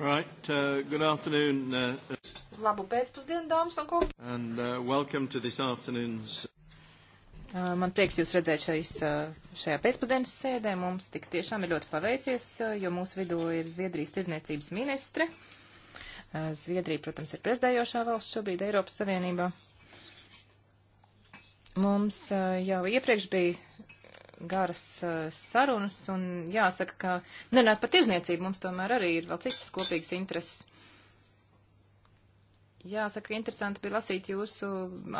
Right, uh, good afternoon. Uh, uh, Labu pēcpusdienu, dāmas un kungi. And uh, welcome to this afternoon's. Uh, man prieks jūs redzēt šais, uh, šajā pēcpusdienas sēdē. Mums tik tiešām ir ļoti paveicies, uh, jo mūsu vidū ir Zviedrijas tirzniecības ministre. Uh, Zviedrija, protams, ir prezidējošā valsts šobrīd Eiropas Savienībā. Mums uh, jau iepriekš bija garas eh, sarunas, un jāsaka, ka nerunāt par tirzniecību mums tomēr arī ir vēl citas kopīgas intereses. Jāsaka, interesanti bija lasīt jūsu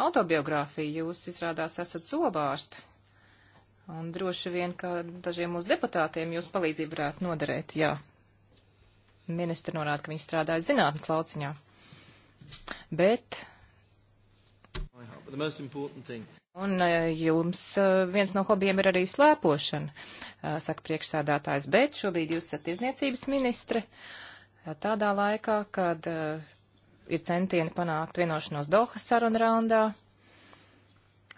autobiogrāfiju. Jūs izrādās esat zobārsti. Un droši vien, ka dažiem mūsu deputātiem jūs palīdzību varētu noderēt, jā. Ministra norāda, ka viņi strādāja zinātnes lauciņā. Bet. Un e, jums e, viens no hobijiem ir arī slēpošana, e, saka priekšsēdātājs, bet šobrīd jūs esat izniecības ministre tādā laikā, kad ir centieni panākt vienošanos Dohas saruna raundā.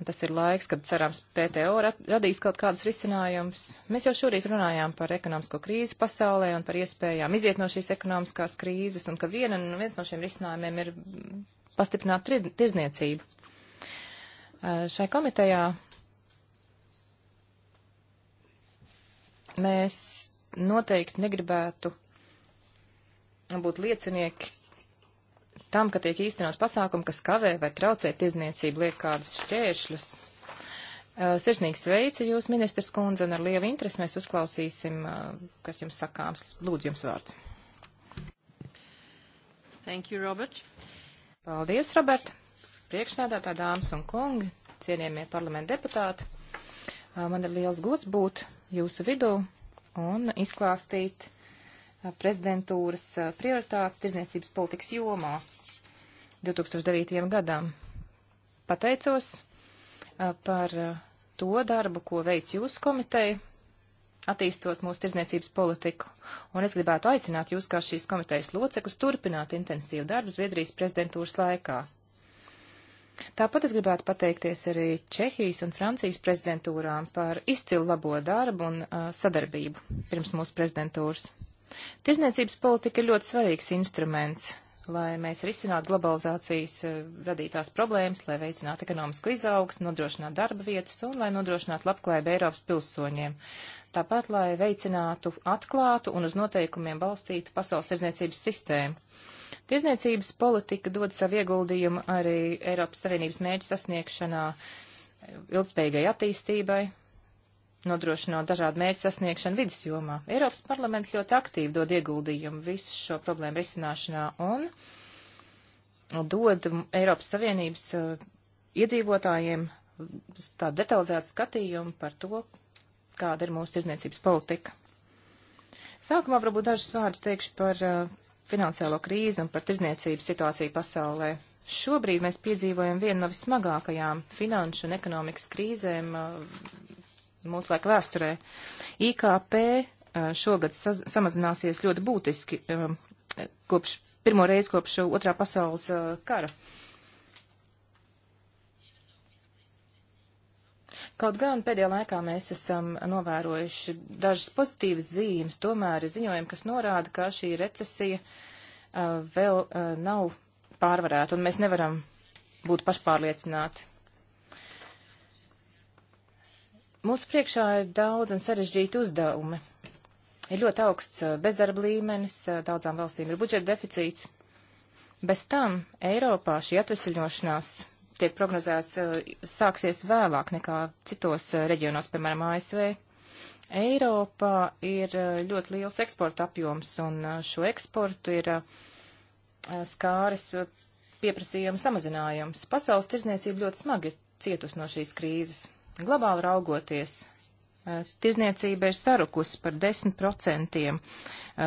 Tas ir laiks, kad cerams PTO radīs kaut kādus risinājumus. Mēs jau šorīt runājām par ekonomisko krīzi pasaulē un par iespējām iziet no šīs ekonomiskās krīzes un ka viena, viens no šiem risinājumiem ir pastiprināt tirzniecību. Eh, šai komitejā mēs noteikti negribētu būt liecinieki tam, ka tiek īstenot pasākumi, kas kavē vai traucē tirzniecību, liek kādus šķēršļus. Eh, sirsnīgi sveicu jūs, ministrs kundze, un ar lielu interesi mēs uzklausīsim, eh, kas jums sakāms. Lūdzu, jums vārds. Thank you, Robert. Paldies, Robert priekšsēdētā dāmas un kungi, cienījamie parlamenta deputāti. Man ir liels gods būt jūsu vidū un izklāstīt prezidentūras prioritātes tirzniecības politikas jomā 2009. gadam. Pateicos par to darbu, ko veic jūsu komiteja, attīstot mūsu tirzniecības politiku, un es gribētu aicināt jūs kā šīs komitejas locekus turpināt intensīvu darbu Zviedrijas prezidentūras laikā. Tāpat es gribētu pateikties arī Čehijas un Francijas prezidentūrām par izcilu labo darbu un uh, sadarbību pirms mūsu prezidentūras. Tirzniecības politika ir ļoti svarīgs instruments, lai mēs risinātu globalizācijas uh, radītās problēmas, lai veicinātu ekonomisko izaugsmu, nodrošinātu darba vietas un lai nodrošinātu labklājību Eiropas pilsoņiem. Tāpat, lai veicinātu atklātu un uz noteikumiem balstītu pasaules tirzniecības sistēmu. Tirzniecības politika dod savu ieguldījumu arī Eiropas Savienības mēģi sasniegšanā ilgspējīgai attīstībai, nodrošinot dažādu mērķu sasniegšanu vidas jomā. Eiropas parlaments ļoti aktīvi dod ieguldījumu visu šo problēmu risināšanā un dod Eiropas Savienības uh, iedzīvotājiem tādu detalizētu skatījumu par to, kāda ir mūsu tirzniecības politika. Sākumā varbūt dažus vārdus teikšu par uh, finansiālo krīzi un par tirzniecības situāciju pasaulē. Šobrīd mēs piedzīvojam vienu no vismagākajām finanšu un ekonomikas krīzēm uh, mūsu laika vēsturē. IKP uh, šogad samazināsies ļoti būtiski um, kopš pirmo reizi kopš otrā pasaules uh, kara. Kaut gan pēdējā laikā mēs esam novērojuši dažas pozitīvas zīmes, tomēr ziņojumi, kas norāda, ka šī recesija uh, vēl uh, nav pārvarēta, un mēs nevaram būt pašpārliecināti. Mūsu priekšā ir daudz un sarežģīti uzdevumi. Ir ļoti augsts uh, bezdarba līmenis, uh, daudzām valstīm ir budžeta deficīts. Bez tam Eiropā šī atvesaļošanās tiek prognozēts, eh, sāksies vēlāk nekā citos eh, reģionos, piemēram, ASV. Eiropā ir eh, ļoti liels eksporta apjoms, un šo eksportu ir skāris pieprasījuma samazinājums. Pasaules tirzniecība ļoti smagi ir cietusi no šīs krīzes. Globāli raugoties, Eh, tirzniecība ir sarukusi par 10%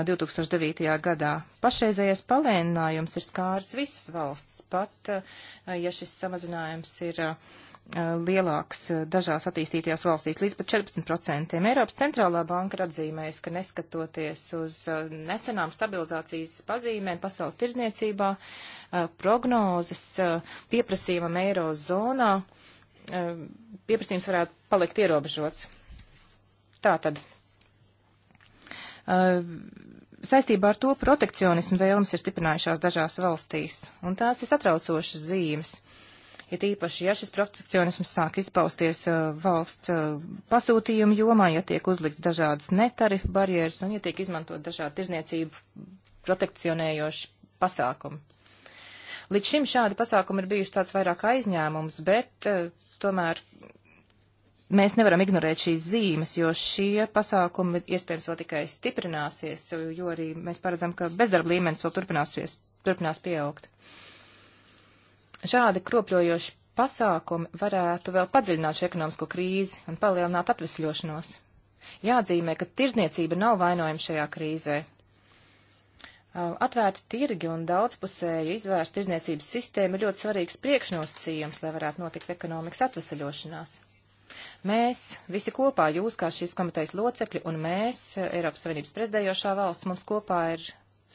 2009. Eh, gadā. Pašreizējais palēninājums ir skāris visas valsts, pat eh, ja šis samazinājums ir lielāks dažās attīstītajās valstīs, līdz pat 14%. Eiropas centrālā banka ir atzīmējusi, ka neskatoties uz nesenām stabilizācijas pazīmēm pasaules tirzniecībā, prognozes pieprasījumam eirozonā, pieprasījums varētu palikt ierobežots. Tātad. Uh, saistībā ar to protekcionismu vēlmes ir stiprinājušās dažās valstīs, un tās ir satraucošas zīmes. Ir ja īpaši, ja šis protekcionisms sāk izpausties uh, valsts uh, pasūtījumu jomā, ja tiek uzlikts dažādas netarifu barjeras un ja tiek izmantot dažādi tirzniecību protekcionējoši pasākumi. Līdz šim šādi pasākumi ir bijuši tāds vairāk aizņēmums, bet uh, tomēr mēs nevaram ignorēt šīs zīmes, jo šie pasākumi iespējams vēl tikai stiprināsies, jo arī mēs paredzam, ka bezdarba līmenis vēl turpinās, pies, turpinās pieaugt. Šādi kropļojoši pasākumi varētu vēl padziļināt šo ekonomisko krīzi un palielināt atvesļošanos. Jāatzīmē, ka tirzniecība nav vainojama šajā krīzē. Atvērti tirgi un daudzpusēja izvērsta tirzniecības sistēma ir ļoti svarīgs priekšnosacījums, lai varētu notikt ekonomikas atvesaļošanās. Mēs visi kopā, jūs kā šīs komitejas locekļi un mēs, Eiropas Savienības prezidējošā valsts, mums kopā ir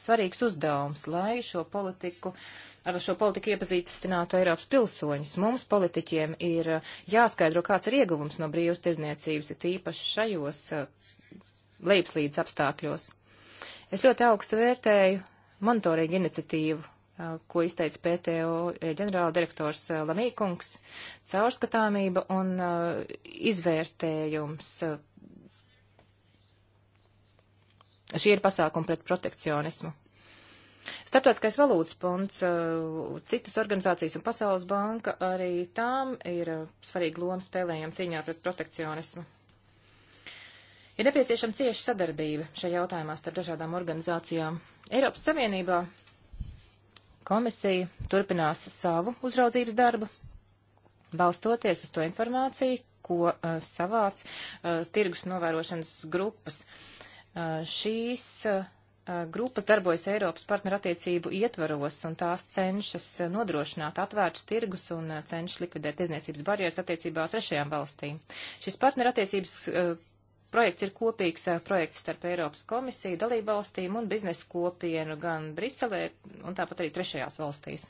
svarīgs uzdevums, lai šo politiku, ar šo politiku iepazīstinātu Eiropas pilsoņus. Mums, politiķiem, ir jāskaidro, kāds ir ieguvums no brīvas tirdzniecības, ir tīpaši šajos eh, lejupslīdes apstākļos. Es ļoti augstu vērtēju monitoringa iniciatīvu ko izteica PTO ģenerāla direktors Lamīkungs, caurskatāmība un izvērtējums. Šie ir pasākumi pret protekcionismu. Startautiskais valūtas fonds, citas organizācijas un Pasaules banka arī tām ir svarīga loma spēlējama cīņā pret protekcionismu. Ir nepieciešama cieša sadarbība šajā jautājumā starp dažādām organizācijām. Eiropas Savienībā komisija turpinās savu uzraudzības darbu, balstoties uz to informāciju, ko uh, savāc uh, tirgus novērošanas grupas. Uh, šīs uh, uh grupas darbojas Eiropas partnerattiecību ietvaros, un tās cenšas uh, nodrošināt atvērtus tirgus un uh, cenšas likvidēt tiesniecības barjeras attiecībā ar trešajām valstīm. Šis partnerattiecības Projekts ir kopīgs eh, projekts starp Eiropas komisiju, dalībvalstīm un biznesu kopienu gan Briselē un tāpat arī trešajās valstīs.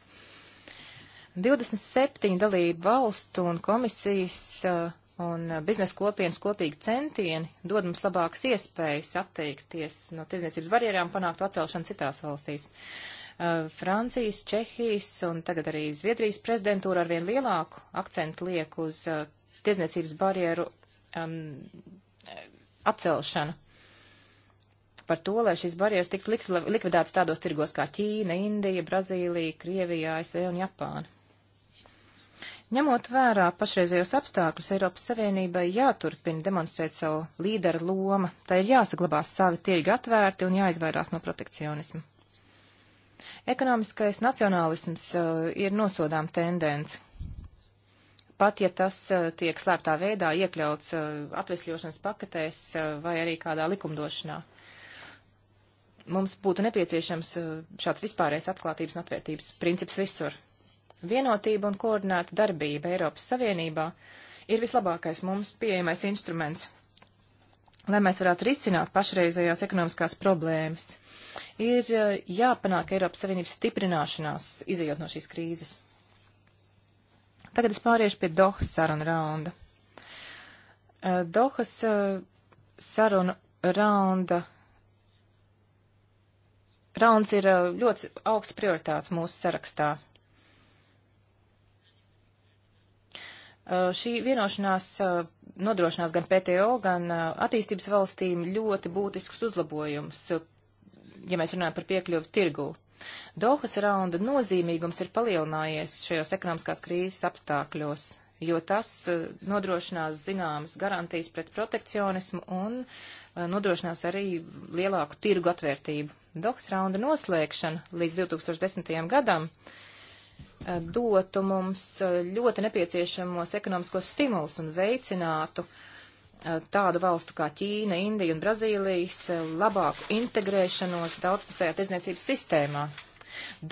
27 dalību valstu un komisijas eh, un biznesa kopienas kopīgi centieni dod mums labākas iespējas atteikties no tirdzniecības barjerām, panākt atcelšanu citās valstīs. Eh, Francijas, Čehijas un tagad arī Zviedrijas prezidentūra ar vien lielāku akcentu liek uz tirdzniecības barjeru um, atcelšanu. Par to, lai šīs barjeras tiktu likvidētas tādos tirgos kā Ķīna, Indija, Brazīlija, Krievija, ASV un Japāna. Ņemot vērā pašreizējos apstākļus, Eiropas Savienībai jāturpina demonstrēt savu līderu loma, tai ir jāsaglabās savi tirgi atvērti un jāizvairās no protekcionismu. Ekonomiskais nacionālisms uh, ir nosodām tendence, pat ja tas eh, tiek slēptā veidā iekļauts eh, atvesļošanas paketēs eh, vai arī kādā likumdošanā. Mums būtu nepieciešams šāds vispārējais atklātības un atvērtības princips visur. Vienotība un koordinēta darbība Eiropas Savienībā ir vislabākais mums pieejamais instruments, lai mēs varētu risināt pašreizējās ekonomiskās problēmas. Ir jāpanāk Eiropas Savienības stiprināšanās, izējot no šīs krīzes. Tagad es pāriešu pie Dohas saruna raunda. Dohas saruna raunda. Rauns ir ļoti augsts prioritāte mūsu sarakstā. Šī vienošanās nodrošinās gan PTO, gan attīstības valstīm ļoti būtiskus uzlabojumus, ja mēs runājam par piekļuvu tirgū. Dohas raunda nozīmīgums ir palielinājies šajos ekonomiskās krīzes apstākļos, jo tas eh, nodrošinās zināmas garantijas pret protekcionismu un eh, nodrošinās arī lielāku tirgu atvērtību. Dohas raunda noslēgšana līdz 2010. gadam eh, dotu mums ļoti nepieciešamos ekonomiskos stimulus un veicinātu uh, Eh, tādu valstu kā Ķīna, Indija un Brazīlijas eh, labāku integrēšanos daudzpusējā tirdzniecības sistēmā.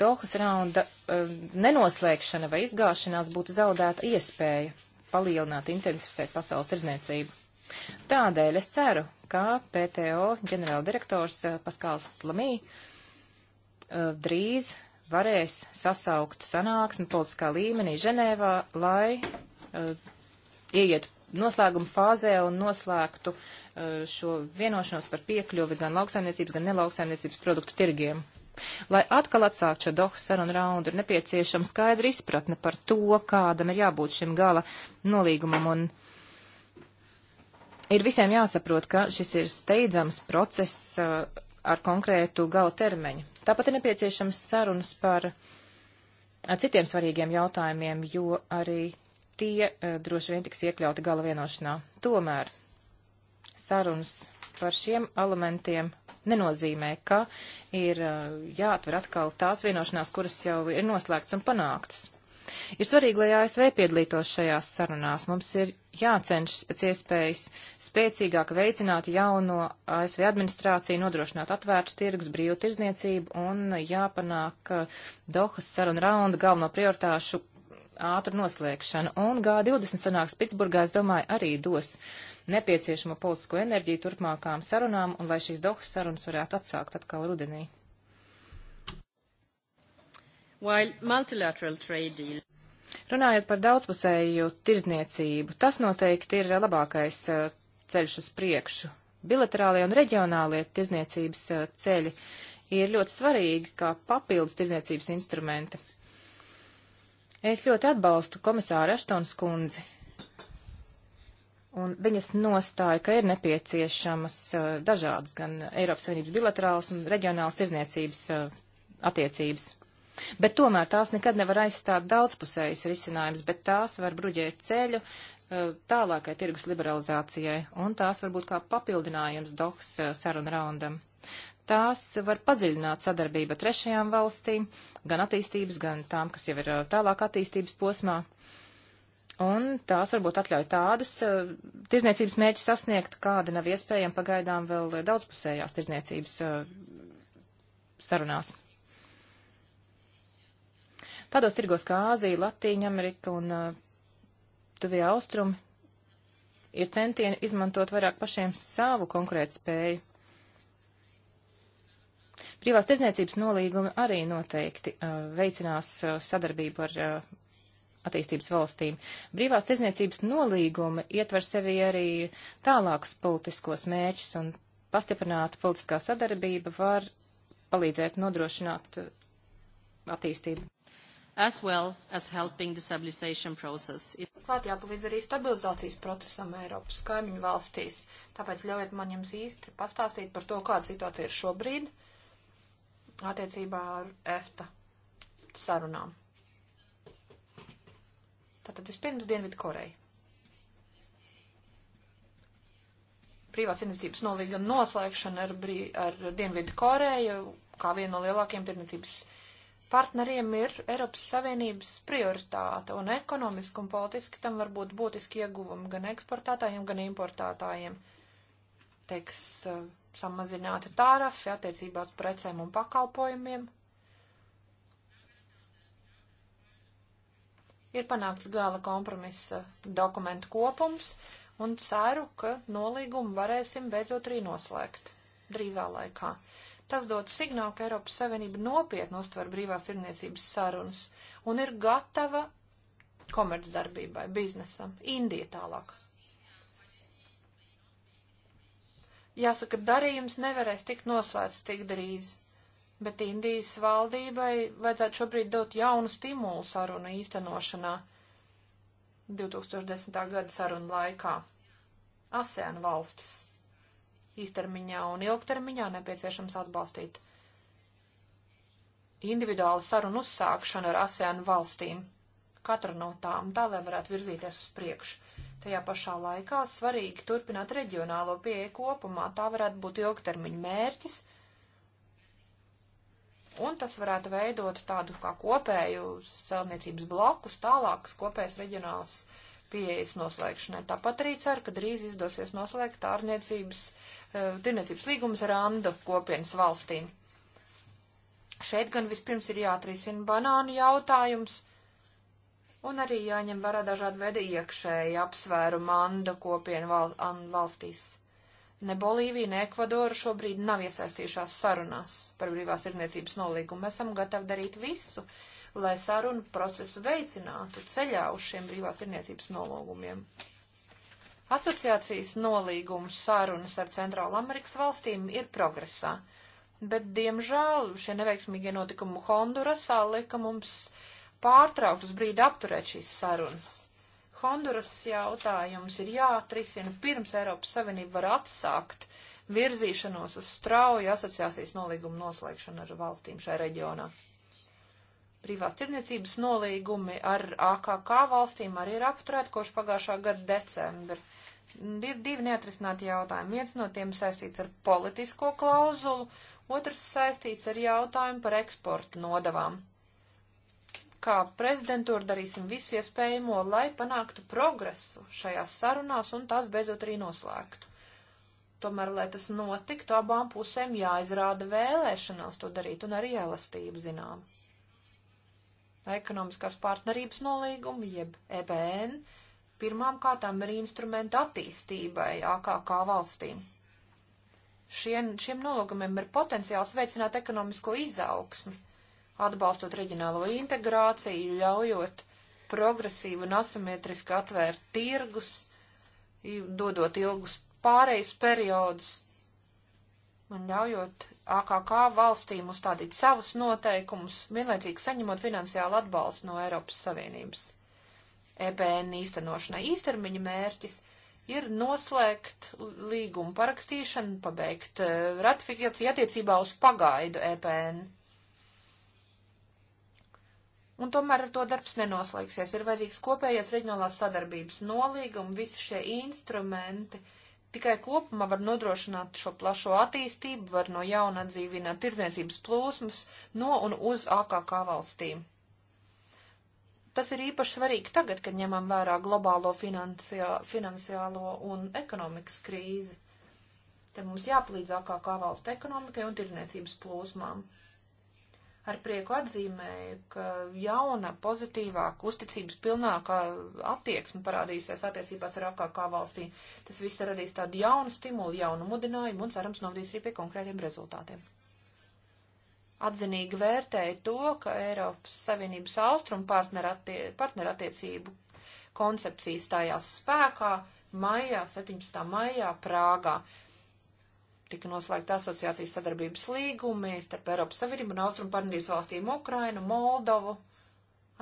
Dohas raunda eh, nenoslēgšana vai izgāšanās būtu zaudēta iespēja palielināt, intensificēt pasaules tirdzniecību. Tādēļ es ceru, ka PTO ģenerāldirektors Paskāls Lamī drīz varēs sasaukt sanāksmi politiskā līmenī Ženēvā, lai uh, ieiet noslēguma fāzē un noslēgtu eh, šo vienošanos par piekļuvi gan lauksaimniecības, gan nelauksaimniecības produktu tirgiem. Lai atkal atsākt šo Dohas sarunu raundu, ir nepieciešama skaidra izpratne par to, kādam ir jābūt šim gala nolīgumam. Un ir visiem jāsaprot, ka šis ir steidzams process eh, ar konkrētu gala termiņu. Tāpat ir nepieciešams sarunas par citiem svarīgiem jautājumiem, jo arī tie eh, droši vien tiks iekļauti gala vienošanā. Tomēr sarunas par šiem elementiem nenozīmē, ka ir eh, jāatver atkal tās vienošanās, kuras jau ir noslēgts un panāktas. Ir svarīgi, lai ASV piedalītos šajās sarunās. Mums ir jācenšas pēc iespējas spēcīgāk veicināt jauno ASV administrāciju, nodrošināt atvērtus tirgus, brīvu tirzniecību un jāpanāk eh, Dohas saruna raunda galveno prioritāšu ātru noslēgšanu. Un G20 sanāks Pitsburgā, es domāju, arī dos nepieciešamo politisko enerģiju turpmākām sarunām, un lai šīs Dohas sarunas varētu atsākt atkal rudenī. Runājot par daudzpusēju tirzniecību, tas noteikti ir labākais uh, ceļš uz priekšu. Bilaterālie un reģionālie tirzniecības uh, ceļi ir ļoti svarīgi kā papildus tirzniecības instrumenti. Es ļoti atbalstu komisāru Aštons kundzi. Un viņas nostāja, ka ir nepieciešamas uh, dažādas gan Eiropas Savienības bilaterālas un reģionālas tirzniecības uh, attiecības. Bet tomēr tās nekad nevar aizstāt daudzpusējas risinājums, bet tās var bruģēt ceļu uh, tālākai tirgus liberalizācijai, un tās varbūt kā papildinājums doks uh, saruna raundam tās var padziļināt sadarbību ar trešajām valstīm, gan attīstības, gan tām, kas jau ir tālāk attīstības posmā. Un tās varbūt atļauj tādus uh, tirzniecības mērķus sasniegt, kāda nav iespējama pagaidām vēl daudzpusējās tirzniecības uh, sarunās. Tādos tirgos kā Āzija, Latīņa, Amerika un uh, Tuvie Austrumi ir centieni izmantot vairāk pašiem savu konkurētspēju Privās tirzniecības nolīgumi arī noteikti uh, veicinās uh, sadarbību ar uh, attīstības valstīm. Brīvās tirzniecības nolīgumi ietver sevi arī tālākus politiskos mēķus un pastiprināta politiskā sadarbība var palīdzēt nodrošināt attīstību. As well as helping the stabilization process. Klāt jāpalīdz arī stabilizācijas procesam Eiropas kaimiņu valstīs. Tāpēc ļaujiet man jums īsti pastāstīt par to, kāda situācija ir šobrīd. Uh, attiecībā ar EFTA sarunām. Tātad vispirms Dienvidu Koreja. Privās tirdzniecības nolīga noslēgšana ar, brī, ar Dienvidu Koreju, kā vienu no lielākiem tirdzniecības partneriem ir Eiropas Savienības prioritāte, un ekonomiski un politiski tam var būt būtiski ieguvumi gan eksportētājiem, gan importētājiem. Teiks, eh, samazināti tārafi attiecībā uz precēm un pakalpojumiem. Ir panākts gala kompromisa dokumentu kopums, un ceru, ka nolīgumu varēsim beidzot arī noslēgt drīzā laikā. Tas dod signālu, ka Eiropas Savienība nopietni uztver brīvās irniecības sarunas un ir gatava komercdarbībai, biznesam, Indija tālāk. Jāsaka, darījums nevarēs tikt noslēgts tik drīz, bet Indijas valdībai vajadzētu šobrīd dot jaunu stimulu sarunu īstenošanā 2010. gada sarunu laikā. ASEAN valstis īstermiņā un ilgtermiņā nepieciešams atbalstīt individuālu sarunu uzsākšanu ar ASEAN valstīm, katru no tām, tā lai varētu virzīties uz priekšu. Tajā pašā laikā svarīgi turpināt reģionālo pieeju kopumā. Tā varētu būt ilgtermiņa mērķis, un tas varētu veidot tādu kā kopēju celtniecības blokus, tālākas kopējas reģionālas pieejas noslēgšanai. Tāpat arī ceru, ka drīz izdosies noslēgt ārniecības, eh, tirniecības līgumus ar Andu kopienas valstīm. Šeit gan vispirms ir jāatrisina banānu jautājums un arī jāņem vērā dažādi veidi iekšēji apsvērumu manda kopienu val valstīs. Ne Bolīvija, ne Ekvadora šobrīd nav iesaistījušās sarunās par brīvās irniecības nolīgumu. Mēs esam gatavi darīt visu, lai sarunu procesu veicinātu ceļā uz šiem brīvās irniecības nolūgumiem. Asociācijas nolīgumu sarunas ar Centrāla Amerikas valstīm ir progresā, bet, diemžēl, šie neveiksmīgie notikumi Hondurasā lika mums pārtraukt uz brīdi apturēt šīs sarunas. Honduras jautājums ir jāatrisina pirms Eiropas Savienība var atsākt virzīšanos uz strauju asociācijas nolīgumu noslēgšanu ar valstīm šajā reģionā. Brīvās tirniecības nolīgumi ar AKK valstīm arī ir apturēti kopš pagājušā gada decembra. Ir divi neatrisināti jautājumi. Viens no tiem saistīts ar politisko klauzulu, otrs saistīts ar jautājumu par eksporta nodavām kā prezidentūra darīsim visu iespējamo, lai panāktu progresu šajās sarunās un tās beidzot arī noslēgtu. Tomēr, lai tas notiktu, abām pusēm jāizrāda vēlēšanās to darīt un arī elastību zinām. Ekonomiskās partnerības nolīgumi, jeb EBN, pirmām kārtām ir instrumenti attīstībai AKK valstīm. Šiem, šiem nolūkumiem ir potenciāls veicināt ekonomisko izaugsmi atbalstot reģionālo integrāciju, ļaujot progresīvi un asimetriski atvērt tirgus, dodot ilgus pārejas periodus un ļaujot AKK valstīm uzstādīt savus noteikumus, vienlaicīgi saņemot finansiālu atbalstu no Eiropas Savienības. EBN īstenošanai īstermiņa mērķis ir noslēgt līgumu parakstīšanu, pabeigt eh, ratifikāciju attiecībā uz pagaidu EBN Un tomēr ar to darbs nenoslēgsies. Ir vajadzīgs kopējais reģionālās sadarbības nolīgums, visi šie instrumenti. Tikai kopumā var nodrošināt šo plašo attīstību, var no jauna atdzīvināt tirdzniecības plūsmas no un uz AKK valstīm. Tas ir īpaši svarīgi tagad, kad ņemam vērā globālo finansiā, finansiālo un ekonomikas krīzi. Te mums jāpalīdz AKK valstu ekonomikai un tirdzniecības plūsmām ar prieku atzīmēju, ka jauna, pozitīvāka, uzticības pilnākā attieksme parādīsies attiecībās ar AKK valstīm. Tas viss radīs tādu jaunu stimulu, jaunu mudinājumu un cerams novadīs arī pie konkrētiem rezultātiem. Atzinīgi vērtēja to, ka Eiropas Savienības austrumu partnerattiecību partnerattie koncepcija stājās spēkā maijā, 17. maijā Prāgā tika noslēgta asociācijas sadarbības līgumi starp Eiropas Savienību un Austrum partnerības valstīm Ukrainu, Moldovu,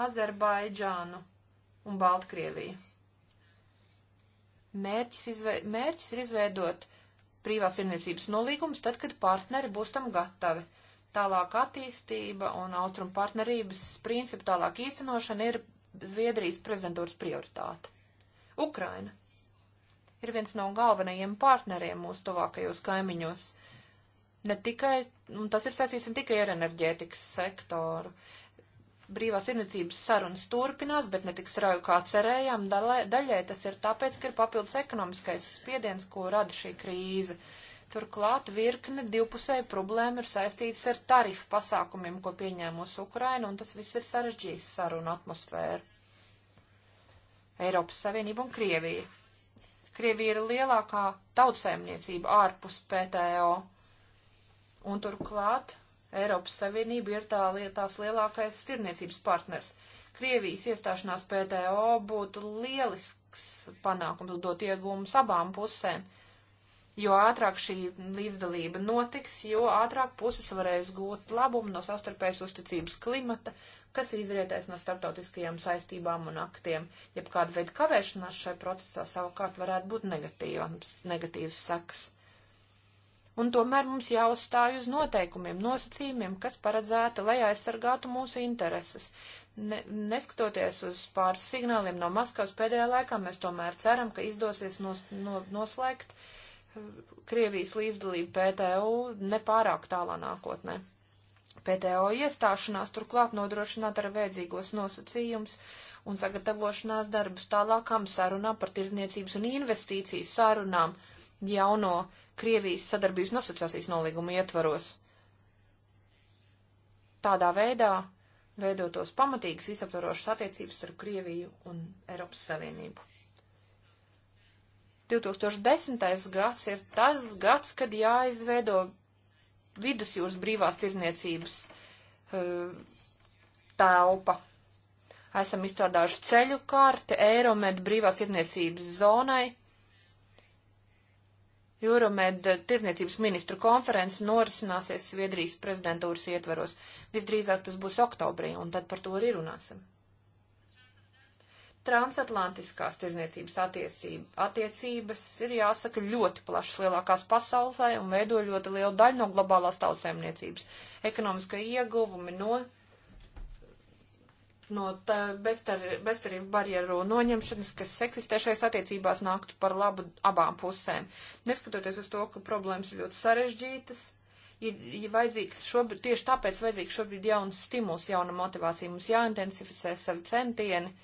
Azerbaidžānu un Baltkrieviju. Mērķis, izve, mērķis ir izveidot privās irniecības nolīgums tad, kad partneri būs tam gatavi. Tālāk attīstība un austrum partnerības principu tālāk īstenošana ir Zviedrijas prezidentūras prioritāte. Ukraina ir viens no galvenajiem partneriem mūsu tuvākajos kaimiņos. Ne tikai, un tas ir saistīts ne tikai ar enerģētikas sektoru. Brīvās irniecības sarunas turpinās, bet ne tik strauji kā cerējām. Daļai tas ir tāpēc, ka ir papildus ekonomiskais spiediens, ko rada šī krīze. Turklāt virkne divpusēju problēmu ir saistīts ar tarifu pasākumiem, ko pieņēmusi Ukraina, un tas viss ir sarežģījis sarunu atmosfēru. Eiropas Savienība un Krievija. Krievija ir lielākā tautsēmniecība ārpus PTO. Un turklāt Eiropas Savienība ir tā lietās lielākais tirniecības partners. Krievijas iestāšanās PTO būtu lielisks panākums dot iegūmus abām pusēm. Jo ātrāk šī līdzdalība notiks, jo ātrāk puses varēs gūt labumu no sastarpējas uzticības klimata, kas izrietēs no starptautiskajām saistībām un aktiem, jeb kāda veida kavēšanās šai procesā savukārt varētu būt negatīvs, negatīvs seks. Un tomēr mums jāuzstāj uz noteikumiem, nosacījumiem, kas paredzēta, lai aizsargātu mūsu intereses. Ne, neskatoties uz pāris signāliem no Maskavas pēdējā laikā, mēs tomēr ceram, ka izdosies nos, no, noslēgt eh, Krievijas līdzdalību PTU nepārāk tālā nākotnē. Ne. PTO iestāšanās turklāt nodrošināt ar vajadzīgos nosacījumus un sagatavošanās darbus tālākām sarunām par tirdzniecības un investīcijas sarunām jauno Krievijas sadarbības un asociācijas nolīgumu ietvaros. Tādā veidā veidotos pamatīgas visaptvarošas attiecības starp Krieviju un Eiropas Savienību. 2010. gads ir tas gads, kad jāizveido vidusjūras brīvās tirniecības e, telpa. Esam izstrādājuši ceļu karti Eiromed brīvās tirniecības zonai. Euromed tirniecības ministru konference norisināsies Sviedrijas prezidentūras ietveros. Visdrīzāk tas būs oktobrī, un tad par to arī runāsim transatlantiskās tirzniecības attiecības ir jāsaka ļoti plašas lielākās pasaulē un veido ļoti lielu daļu no globālās tautsēmniecības. Ekonomiskai ieguvumi no, no beztarību bestar, barjeru noņemšanas, kas eksistē šais attiecībās, nāktu par labu abām pusēm. Neskatoties uz to, ka problēmas ir ļoti sarežģītas, ir, ir vajadzīgs šobrīd, tieši tāpēc vajadzīgs šobrīd jauns stimuls, jauna motivācija. Mums jāintensificē savi centieni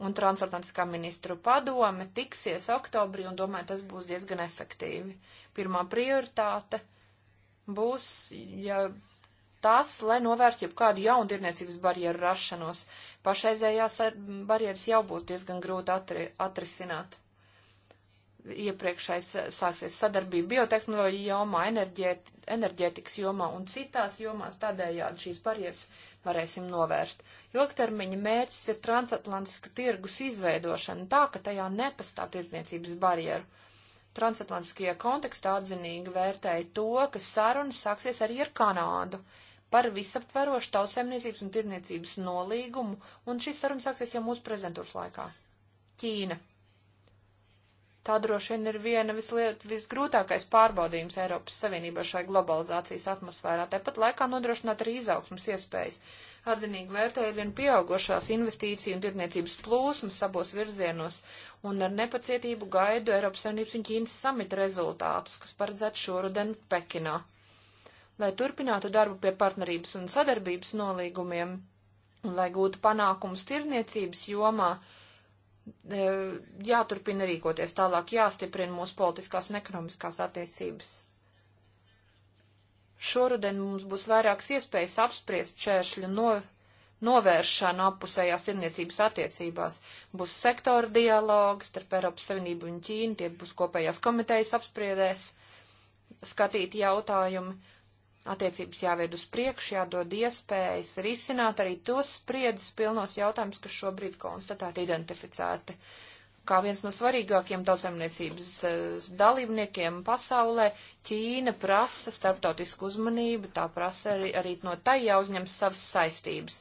un transatlantiskā ministru padome tiksies oktobrī, un domāju, tas būs diezgan efektīvi. Pirmā prioritāte būs, ja tas, lai novērstu jebkādu jaunu tirniecības barjeru rašanos. Pašreizējās barjeras jau būs diezgan grūti atri, atrisināt. Iepriekšais eh, sāksies sadarbība biotehnoloģija jomā, enerģēt, enerģētikas jomā un citās jomās, tādējādi šīs barjeras varēsim novērst. Ilgtermiņa mērķis ir transatlantiska tirgus izveidošana tā, ka tajā nepastāv tirdzniecības barjeru. Transatlantiskajā kontekstā atzinīgi vērtēja to, ka sarunas sāksies arī ar Kanādu par visaptverošu tautsēmniecības un tirdzniecības nolīgumu, un šīs sarunas sāksies jau mūsu prezidentūras laikā. Ķīna. Tā droši vien ir viena visliet, visgrūtākais pārbaudījums Eiropas Savienībā šai globalizācijas atmosfērā, tāpat laikā nodrošināt arī izaugsmas iespējas. Atzinīgi vērtēja vien pieaugošās investīciju un tirdzniecības plūsmas abos virzienos, un ar nepacietību gaidu Eiropas Savienības un Ķīnas samita rezultātus, kas paredzēts šoruden Pekinā. Lai turpinātu darbu pie partnerības un sadarbības nolīgumiem, un lai gūtu panākumus tirdzniecības jomā, E, jāturpina rīkoties tālāk, jāstiprina mūsu politiskās un ekonomiskās attiecības. Šoruden mums būs vairākas iespējas apspriest čēršļu no, novēršanu apusējās tirniecības attiecībās. Būs sektora dialogs starp Eiropas Savienību un Ķīnu, tie būs kopējās komitejas apspriedēs, skatīt jautājumi Attiecības jāved uz priekšu, jādod iespējas risināt arī tos spriedzes pilnos jautājumus, kas šobrīd konstatēti identificēti. Kā viens no svarīgākiem tautsēmniecības eh, dalībniekiem pasaulē, Ķīna prasa starptautisku uzmanību, tā prasa arī, arī no tai jāuzņem savas saistības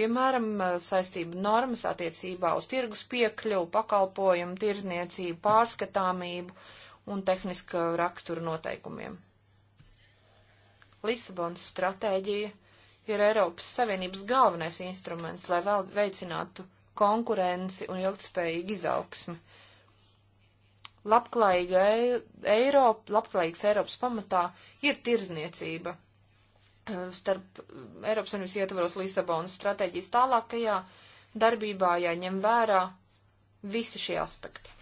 piemēram, eh, saistību normas attiecībā uz tirgus piekļuvu, pakalpojumu, tirzniecību, pārskatāmību un tehniska rakstura noteikumiem. Lisabonas stratēģija ir Eiropas Savienības galvenais instruments, lai vēl veicinātu konkurenci un ilgspējīgu izaugsmi. Labklājīga Eiropa, labklājīgas Eiropas pamatā ir tirzniecība starp Eiropas Savienības ietvaros Lisabonas stratēģijas tālākajā darbībā jāņem vērā visi šie aspekti.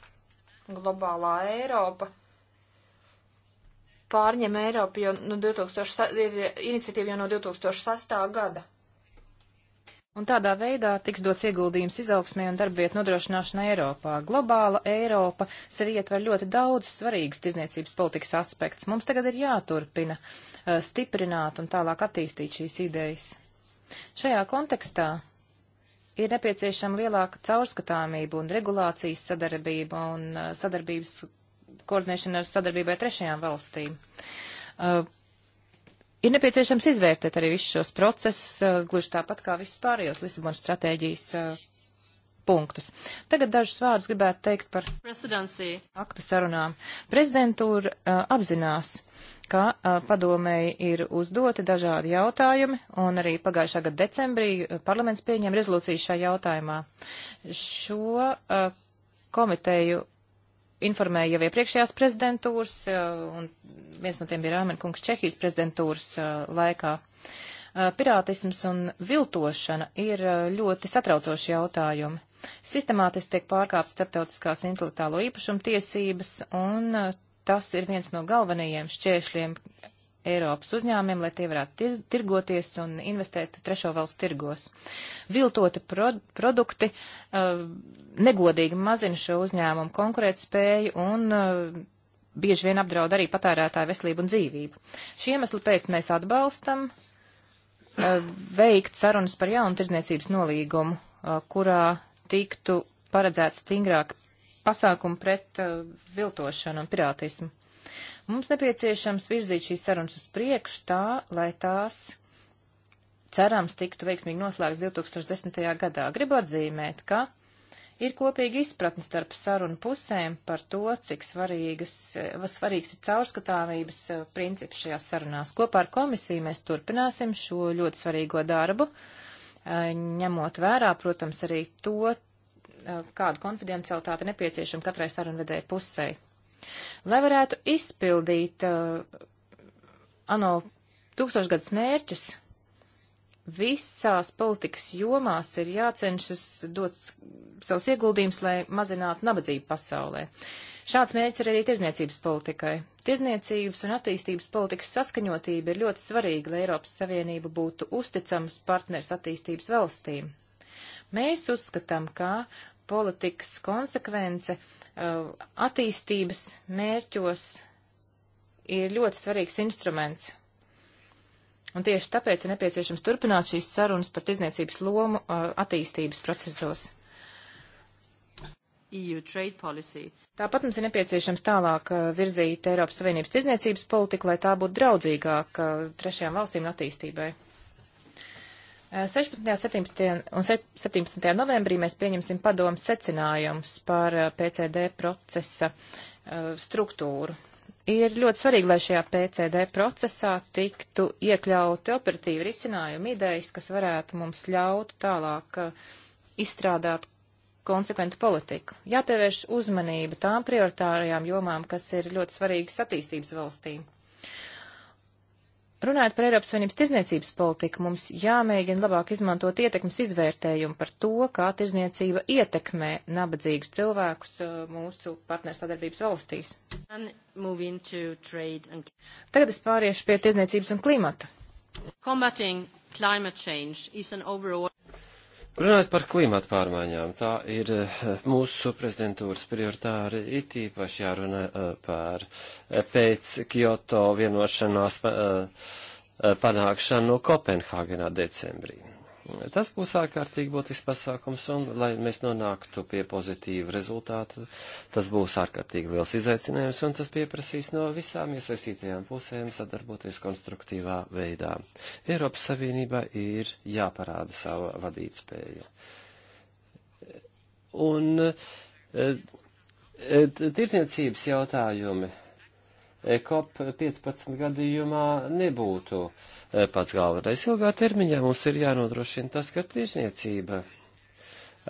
Globālā Eiropa pārņem Eiropu jau no 2000, iniciatīva jau no 2006. gada. Un tādā veidā tiks dots ieguldījums izaugsmē un darbvietu nodrošināšanā Eiropā. Globāla Eiropa sev ietver ļoti daudz svarīgas tirzniecības politikas aspekts. Mums tagad ir jāturpina eh, stiprināt un tālāk attīstīt šīs idejas. Šajā kontekstā ir nepieciešama lielāka caurskatāmība un regulācijas sadarbība un eh, sadarbības koordinēšana ar sadarbībai trešajām valstīm. Uh, ir nepieciešams izvērtēt arī visus šos procesus, uh, gluži tāpat kā visus pārējos Lisabonas stratēģijas uh, punktus. Tagad dažus vārdus gribētu teikt par Presidency. akta sarunām. Prezidentūra uh, apzinās, ka uh, padomēji ir uzdoti dažādi jautājumi, un arī pagājušā gada decembrī uh, parlaments pieņem rezolūciju šajā jautājumā. Šo uh, komiteju informēja jau iepriekšējās prezidentūras, eh, un viens no tiem bija Rāmenkungs Čehijas prezidentūras eh, laikā. Eh, pirātisms un viltošana ir ļoti satraucoši jautājumi. Sistemātiski tiek pārkāptas starptautiskās intelektuālo īpašumu tiesības, un tas ir viens no galvenajiem šķēršļiem Eiropas uzņēmumiem, lai tie varētu tirgoties un investēt trešo valstu tirgos. Viltoti pro produkti uh, negodīgi mazina šo uzņēmumu konkurētspēju un uh, bieži vien apdraud arī patērētāju veselību un dzīvību. Šī iemesla pēc mēs atbalstam uh, veikt sarunas par jaunu tirzniecības nolīgumu, uh, kurā tiktu paredzēts stingrāk pasākumu pret uh, viltošanu un pirātismu. Mums nepieciešams virzīt šīs sarunas uz priekšu tā, lai tās cerams tiktu veiksmīgi noslēgts 2010. gadā. Gribu atzīmēt, ka ir kopīga izpratne starp sarunu pusēm par to, cik svarīgas, eh, svarīgs ir caurskatāmības eh, princips šajās sarunās. Kopā ar komisiju mēs turpināsim šo ļoti svarīgo darbu, eh, ņemot vērā, protams, arī to, kādu konfidencialitāti nepieciešama katrai sarunvedēju pusei. Lai varētu izpildīt uh, ANO tūkstošgadus mērķus, visās politikas jomās ir jācenšas dot savus ieguldījumus, lai mazinātu nabadzību pasaulē. Šāds mērķis ir arī tirzniecības politikai. Tirzniecības un attīstības politikas saskaņotība ir ļoti svarīga, lai Eiropas Savienība būtu uzticams partners attīstības valstīm. Mēs uzskatām, ka politikas konsekvence uh, Uh, attīstības mērķos ir ļoti svarīgs instruments. Un tieši tāpēc ir nepieciešams turpināt šīs sarunas par tirdzniecības lomu uh, attīstības procesos. E Tāpat mums ir nepieciešams tālāk uh, virzīt Eiropas Savienības tirdzniecības politiku, lai tā būtu draudzīgāka trešajām valstīm attīstībai. 16. 17. un 17. novembrī mēs pieņemsim padomu secinājumus par PCD procesa struktūru. Ir ļoti svarīgi, lai šajā PCD procesā tiktu iekļauti operatīvi risinājumi idejas, kas varētu mums ļaut tālāk izstrādāt konsekventu politiku. Jāpievērš uzmanība tām prioritārajām jomām, kas ir ļoti svarīgas attīstības valstīm. Runājot par Eiropas Savienības tirzniecības politiku, mums jāmēģina labāk izmantot ietekmes izvērtējumu par to, kā tirzniecība ietekmē nabadzīgus cilvēkus uh, mūsu partnersadarbības valstīs. And... Tagad es pāriešu pie tirzniecības un klimata. Overall... Runājot par klimatu pārmaiņām, tā ir eh, mūsu prezidentūras prioritāri, it īpaši jārunā eh, par eh, pēc Kyoto vienošanās panākšanu Kopenhāgenā decembrī. Tas būs ārkārtīgi būtisks pasākums, un lai mēs nonāktu pie pozitīva rezultāta, tas būs ārkārtīgi liels izaicinājums, un tas pieprasīs no visām iesaistītajām pusēm sadarboties konstruktīvā veidā. Eiropas Savienībā ir jāparāda sava vadītspēja. Un e, e, tirdzniecības jautājumi E, COP15 gadījumā nebūtu e, pats galvenais. Ilgā termiņā mums ir jānodrošina tas, ka tiešniecība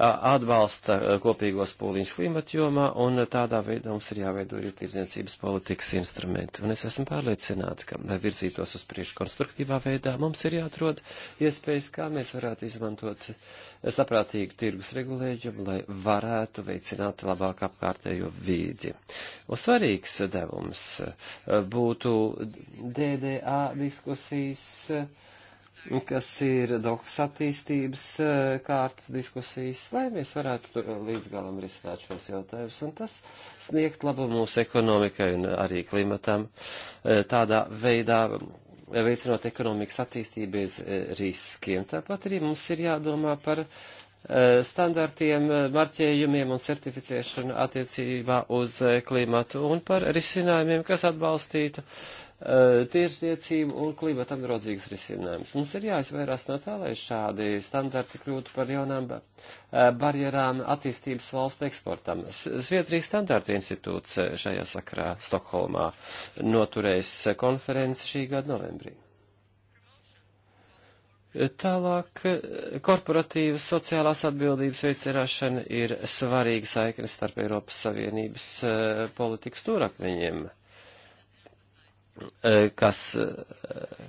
atbalsta kopīgos pūliņus klimata jomā, un tādā veidā mums ir jāveido arī tirdzniecības politikas instrumenti. Un es esmu pārliecināta, ka, lai virzītos uz priekšu konstruktīvā veidā, mums ir jāatrod iespējas, kā mēs varētu izmantot saprātīgu tirgus regulējumu, lai varētu veicināt labāk apkārtējo vīdi. Un svarīgs devums būtu DDA diskusijas kas ir doks attīstības eh, kārtas diskusijas, lai mēs varētu līdz galam risināt šos jautājumus, un tas sniegt labu mūsu ekonomikai un arī klimatam eh, tādā veidā, eh, veicinot ekonomikas attīstību bez riskiem. Tāpat arī mums ir jādomā par standartiem, marķējumiem un certificēšanu attiecībā uz klimatu un par risinājumiem, kas atbalstītu uh, Eh, tirsniecību un klimatam draudzīgus risinājumus. Mums ir jāizvairās no tā, lai šādi standarti kļūtu par jaunām eh, barjerām attīstības valsts eksportam. Zviedrijas standarta institūts eh, šajā sakrā Stokholmā noturēs konferenci šī gada novembrī. Tālāk, korporatīvas sociālās atbildības veicināšana ir svarīga saikne starp Eiropas Savienības politikas stūrakmeņiem. Uh, Eh, kas eh,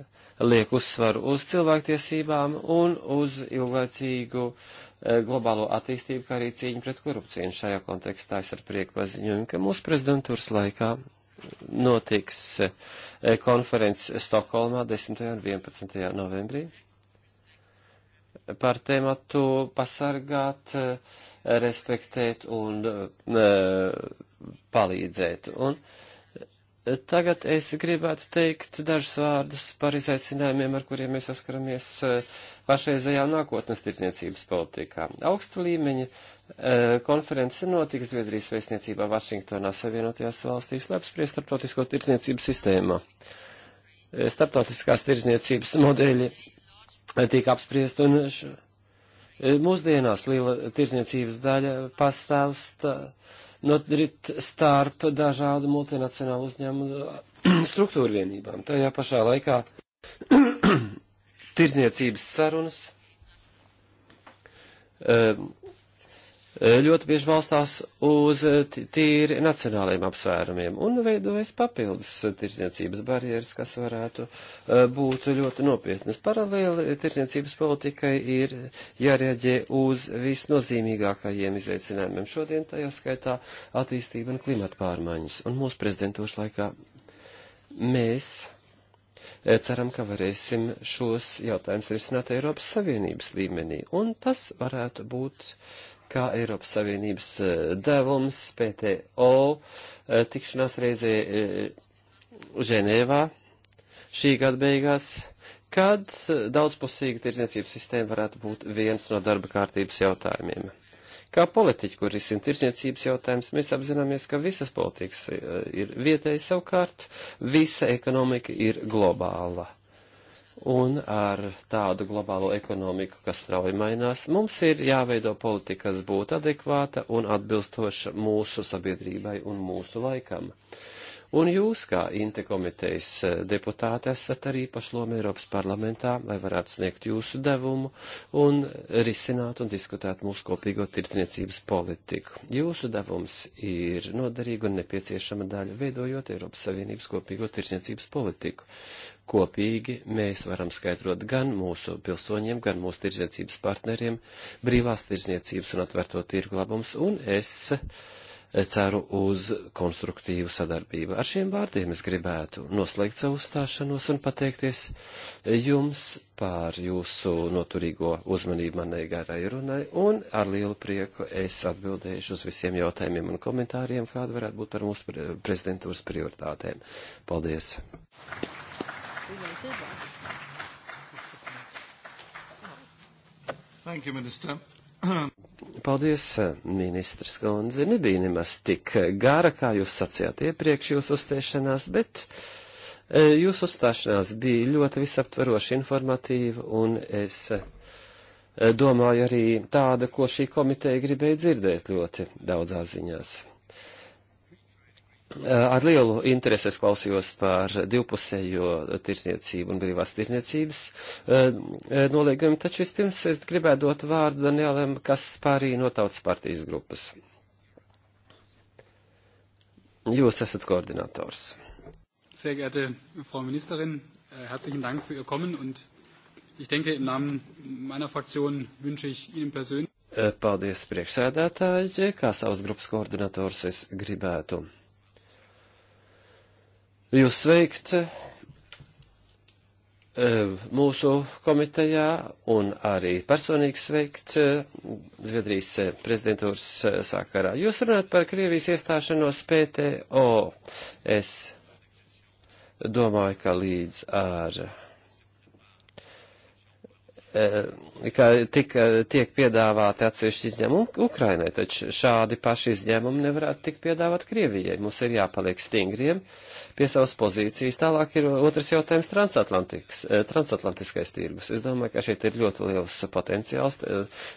liek uzsvaru uz cilvēktiesībām un uz ilglaicīgu eh, globālo attīstību, kā arī cīņu pret korupciju. Un šajā kontekstā es ar prieku paziņoju, ka mūsu prezidentūras laikā notiks konferences Stokholmā 10. un 11. novembrī par tēmatu pasargāt, respektēt un palīdzēt. Un, Tagad es gribētu teikt dažus vārdus par izaicinājumiem, ar kuriem mēs saskaramies eh, pašreizējā nākotnes tirdzniecības politikā. Augsta līmeņa eh, konference notiks Zviedrijas vēstniecībā Vašingtonā Savienotajās valstīs, lai apspriest starptautisko tirdzniecības sistēmu. Eh, starptautiskās tirdzniecības modeļi tika apspriest un š... mūsdienās liela tirdzniecības daļa pastāv. Stā nodrit starp dažādu multinacionālu uzņēmumu struktūru vienībām. Tajā pašā laikā tirzniecības sarunas um, ļoti bieži balstās uz eh, tīri nacionāliem apsvērumiem un veidojas papildus tirzniecības barjeras, kas varētu eh, būt ļoti nopietnas. Paralēli tirzniecības politikai ir jārēģē uz visnozīmīgākajiem izaicinājumiem. Šodien tajā skaitā attīstība un klimata pārmaiņas. Un mūsu prezidentūras laikā mēs eh, ceram, ka varēsim šos jautājumus risināt Eiropas Savienības līmenī. Un tas varētu būt uh, kā Eiropas Savienības eh, devums PTO eh, tikšanās reizē eh, Ženēvā šī gada beigās, kad daudzpusīga tirdzniecības sistēma varētu būt viens no darba kārtības jautājumiem. Kā politiķi, kur risina tirdzniecības jautājums, mēs apzināmies, ka visas politikas ir vietēji savukārt, visa ekonomika ir globāla un ar tādu globālo ekonomiku, kas strauji mainās, mums ir jāveido politika, kas būtu adekvāta un atbilstoša mūsu sabiedrībai un mūsu laikam. Un jūs, kā Inte komitejas eh, deputāte, esat arī pašloma Eiropas parlamentā, lai varētu sniegt jūsu devumu un risināt un diskutēt mūsu kopīgo tirdzniecības politiku. Jūsu devums ir noderīga un nepieciešama daļa, veidojot Eiropas Savienības kopīgo tirdzniecības politiku kopīgi mēs varam skaidrot gan mūsu pilsoņiem, gan mūsu tirdzniecības partneriem brīvās tirdzniecības un atvērto tirgu labums, un es ceru uz konstruktīvu sadarbību. Ar šiem vārdiem es gribētu noslēgt savu uzstāšanos un pateikties jums pār jūsu noturīgo uzmanību manai garai runai, un ar lielu prieku es atbildēšu uz visiem jautājumiem un komentāriem, kāda varētu būt par mūsu prezidentūras prioritātēm. Paldies! United. Thank you, Minister. Paldies, eh, ministrs Gondze. Nebija nemaz tik eh, gara, kā jūs sacījāt iepriekš jūsu uzstāšanās, bet eh, jūsu uzstāšanās bija ļoti visaptveroši informatīva, un es domāju arī tāda, ko šī komiteja gribēja dzirdēt ļoti daudzās ziņās. Eh, ar lielu interesi es klausījos par divpusējo tirsniecību un brīvās tirsniecības eh, eh, noliegumu, taču vispirms es gribētu dot vārdu Danielam Kaspārī no Tautas partijas grupas. Jūs esat koordinators. Sehr geehrte Frau Ministerin, herzlichen Dank für Ihr Kommen und ich denke, im Namen meiner Fraktion wünsche ich Ihnen persönlich. Paldies, priekšsēdētāji, kā savas grupas koordinators es gribētu jūs sveikt eh, mūsu komitejā un arī personīgi sveikt eh, Zviedrijas eh, prezidentūras sakarā. Jūs runājat par Krievijas iestāšanos PTO. Es domāju, ka līdz ar Eh, ka tika, eh, tiek piedāvāti atsevišķi izņēmumi Ukrainai, taču šādi paši izņēmumi nevarētu tikt piedāvāt Krievijai. Mums ir jāpaliek stingriem pie savas pozīcijas. Tālāk ir otrs jautājums eh, transatlantiskais tirgus. Es domāju, ka šeit ir ļoti liels potenciāls.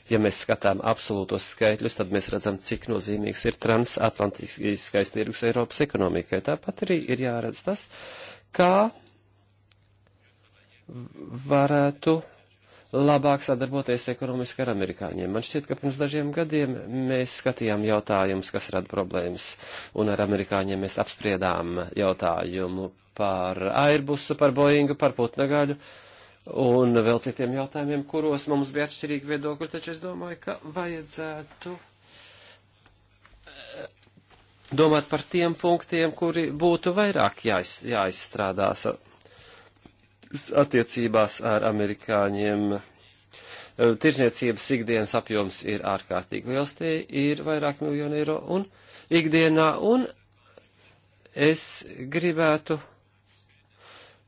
Ja mēs skatām absolūtos skaitļus, tad mēs redzam, cik nozīmīgs ir transatlantiskais tirgus Eiropas ekonomikai. Tāpat arī ir jāredz tas, kā varētu labāk sadarboties ekonomiski ar amerikāņiem. Man šķiet, ka pirms dažiem gadiem mēs skatījām jautājumus, kas rada problēmas, un ar amerikāņiem mēs apspriedām jautājumu par Airbusu, par Boeingu, par putnagaļu. Un vēl citiem jautājumiem, kuros mums bija atšķirīgi viedokļi, taču es domāju, ka vajadzētu eh, domāt par tiem punktiem, kuri būtu vairāk jāiz, jāizstrādās attiecībās ar amerikāņiem tirzniecības ikdienas apjoms ir ārkārtīgi liels, tie ir vairāk miljonu eiro un ikdienā, un es gribētu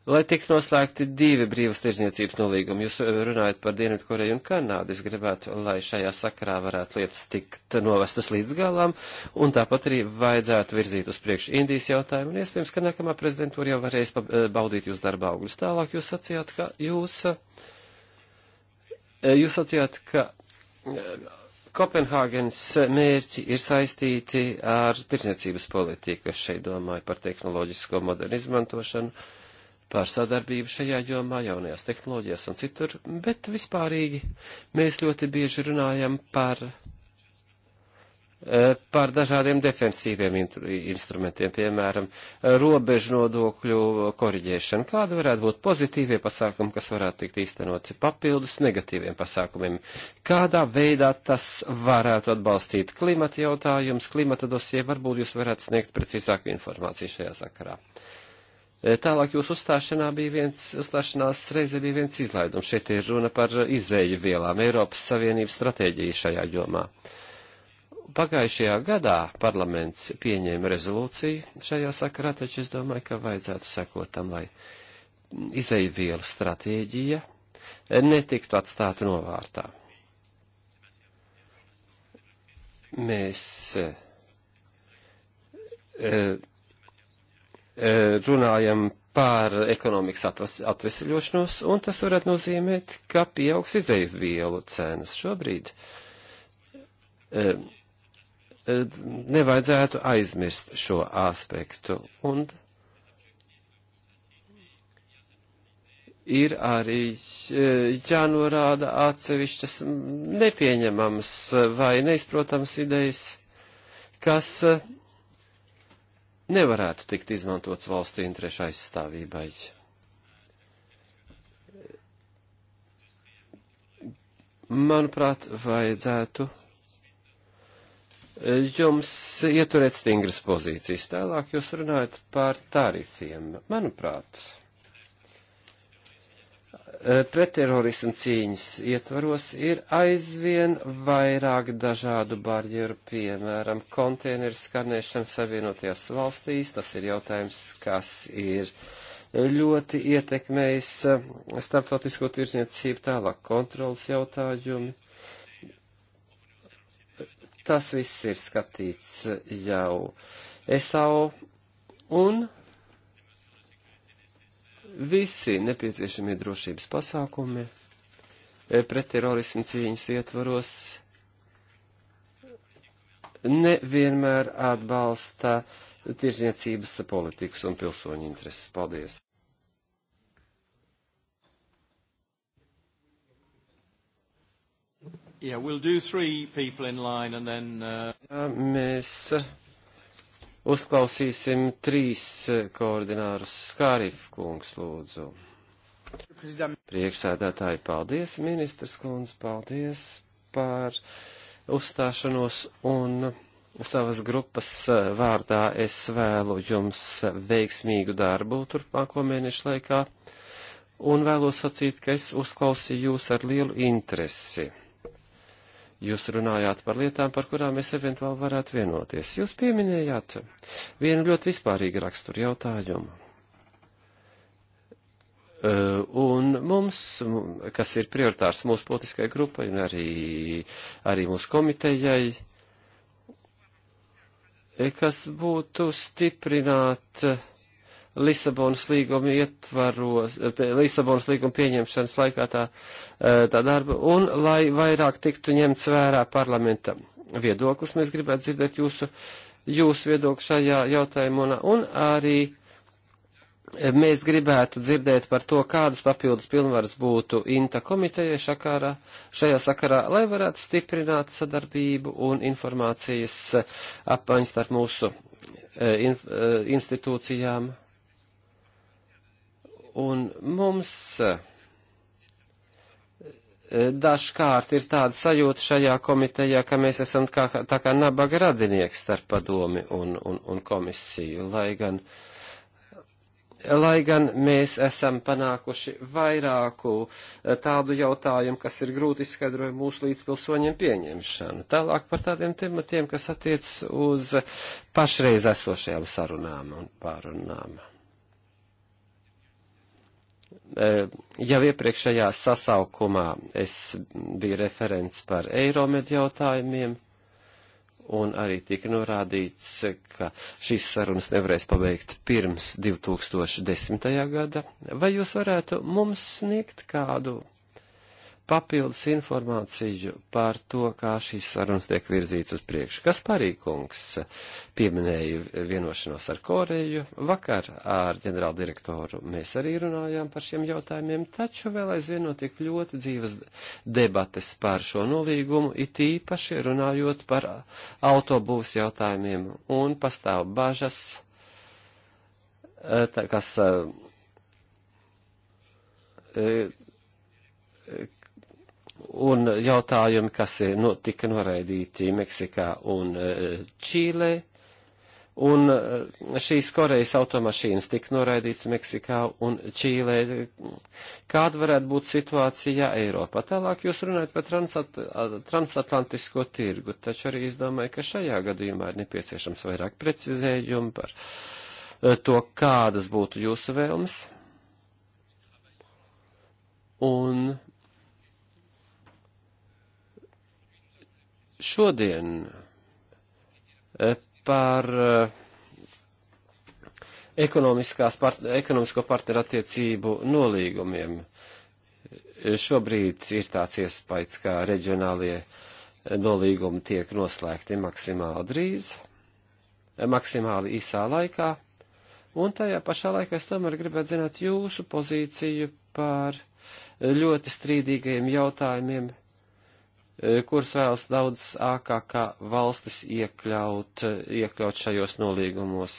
lai tiktu noslēgti divi brīvas tirzniecības nolīgumi. Jūs eh, runājat par Dienvidkoreju un Kanādu. Es gribētu, lai šajā sakarā varētu lietas tikt novestas līdz galām, un tāpat arī vajadzētu virzīt uz priekšu Indijas jautājumu, un iespējams, ka nākamā prezidentūra jau varēs eh, baudīt jūs darba augļus. Tālāk jūs sacījāt, ka jūs, eh, jūs sacījāt, ka Kopenhāgenes mērķi ir saistīti ar tirzniecības politiku. Es šeit domāju par tehnoloģisko modernu izmantošanu par sadarbību šajā jomā, jaunajās tehnoloģijās un citur, bet vispārīgi mēs ļoti bieži runājam par, eh, par dažādiem defensīviem instrumentiem, piemēram, robežu nodokļu koriģēšanu. Kāda varētu būt pozitīvie pasākumi, kas varētu tikt īstenoti papildus negatīviem pasākumiem? Kādā veidā tas varētu atbalstīt klimata jautājums, klimata dosie? Varbūt jūs varētu sniegt precīzāku informāciju šajā sakarā. Uh, E, tālāk jūsu uzstāšanā bija viens, uzstāšanās reize bija viens izlaidums. Šeit ir runa par izēju vielām Eiropas Savienības stratēģiju šajā jomā. Pagājušajā gadā parlaments pieņēma rezolūciju šajā sakarā, taču es domāju, ka vajadzētu sekot tam, lai izēju vielu stratēģija netiktu atstāta novārtā. Mēs e, Eh, runājam par ekonomikas atves, atvesļošanos, un tas varētu nozīmēt, ka pieaugs izēju vielu cenas šobrīd. Eh, eh, nevajadzētu aizmirst šo aspektu, un ir arī jānorāda atsevišķas nepieņemamas vai neizprotams idejas, kas nevarētu tikt izmantots valstu interešu aizstāvībai. Manuprāt, vajadzētu jums ieturēt stingras pozīcijas. Tālāk jūs runājat par tarifiem. Manuprāt, Eh, pretterorismu cīņas ietvaros ir aizvien vairāk dažādu barjeru, piemēram, konteineru skanēšana Savienotajās valstīs. Tas ir jautājums, kas ir ļoti ietekmējis eh, starptautisko tirzniecību tālāk kontrolas jautājumi. Tas viss ir skatīts jau SAO un Visi nepieciešamie drošības pasākumi e, pretterorismu cīņas ietvaros nevienmēr atbalsta tirzniecības politikas un pilsoņu intereses. Paldies! Yeah, we'll do three people in line and then... Uh... Mēs Uzklausīsim trīs eh, koordinārus. Skārif kungs, lūdzu. Priekšsēdētāji, paldies, ministrs kundze, paldies par uzstāšanos un savas grupas eh, vārdā es vēlu jums veiksmīgu darbu turpmāko mēnešu laikā un vēlos sacīt, ka es uzklausīju jūs ar lielu interesi. Jūs runājāt par lietām, par kurām mēs eventuāli varētu vienoties. Jūs pieminējāt vienu ļoti vispārīgu raksturu jautājumu. E, un mums, kas ir prioritārs mūsu politiskai grupai un arī, arī mūsu komitejai, e, kas būtu stiprināt Lisabonas līguma ietvaros, Lisabonas līguma pieņemšanas laikā tā, e, tā darba, un lai vairāk tiktu ņemts vērā parlamenta viedoklis, mēs gribētu dzirdēt jūsu, jūsu viedokli šajā jautājumā, un arī mēs gribētu dzirdēt par to, kādas papildus pilnvaras būtu INTA komitejai šakārā, šajā sakarā, lai varētu stiprināt sadarbību un informācijas apmaiņas starp mūsu e, e, institūcijām Un mums eh, dažkārt ir tāda sajūta šajā komitejā, ka mēs esam kā, tā kā nabaga radinieks starp padomi un, un, un komisiju, lai gan, lai gan mēs esam panākuši vairāku eh, tādu jautājumu, kas ir grūti izskaidroja mūsu līdzpilsoņiem pieņemšanu. Tālāk par tādiem tematiem, kas attiec uz pašreiz esošajām sarunām un pārunām. Eh, jau iepriekšējā sasaukumā es biju referents par Eiromed jautājumiem, un arī tika norādīts, ka šīs sarunas nevarēs pabeigt pirms 2010. gada. Vai jūs varētu mums sniegt kādu papildus informāciju par to, kā šīs sarunas tiek virzīts uz priekšu. Kas parīkungs pieminēja vienošanos ar Koreju? Vakar ar ģenerāldirektoru mēs arī runājām par šiem jautājumiem, taču vēl aizvien notiek ļoti dzīves debates par šo nolīgumu, it īpaši runājot par autobūvas jautājumiem, un pastāv bažas, eh, tā, kas eh, eh, un jautājumi, kas no, nu, tika noraidīti Meksikā un eh, Čīlē. Un eh, šīs Korejas automašīnas tika noraidīts Meksikā un Čīlē. Kāda varētu būt situācija Eiropā? Tālāk jūs runājat par transat transatlantisko tirgu, taču arī es domāju, ka šajā gadījumā ir nepieciešams vairāk precizējumu par eh, to, kādas būtu jūsu vēlmes. Un šodien eh, par eh, part, ekonomisko partneru attiecību nolīgumiem. Eh, šobrīd ir tāds iespējas, kā reģionālie nolīgumi tiek noslēgti maksimāli drīz, maksimāli īsā laikā, un tajā pašā laikā es tomēr gribētu zināt jūsu pozīciju par ļoti strīdīgajiem jautājumiem Eh, kuras vēlas daudz AKK valstis iekļaut, eh, iekļaut šajos nolīgumos.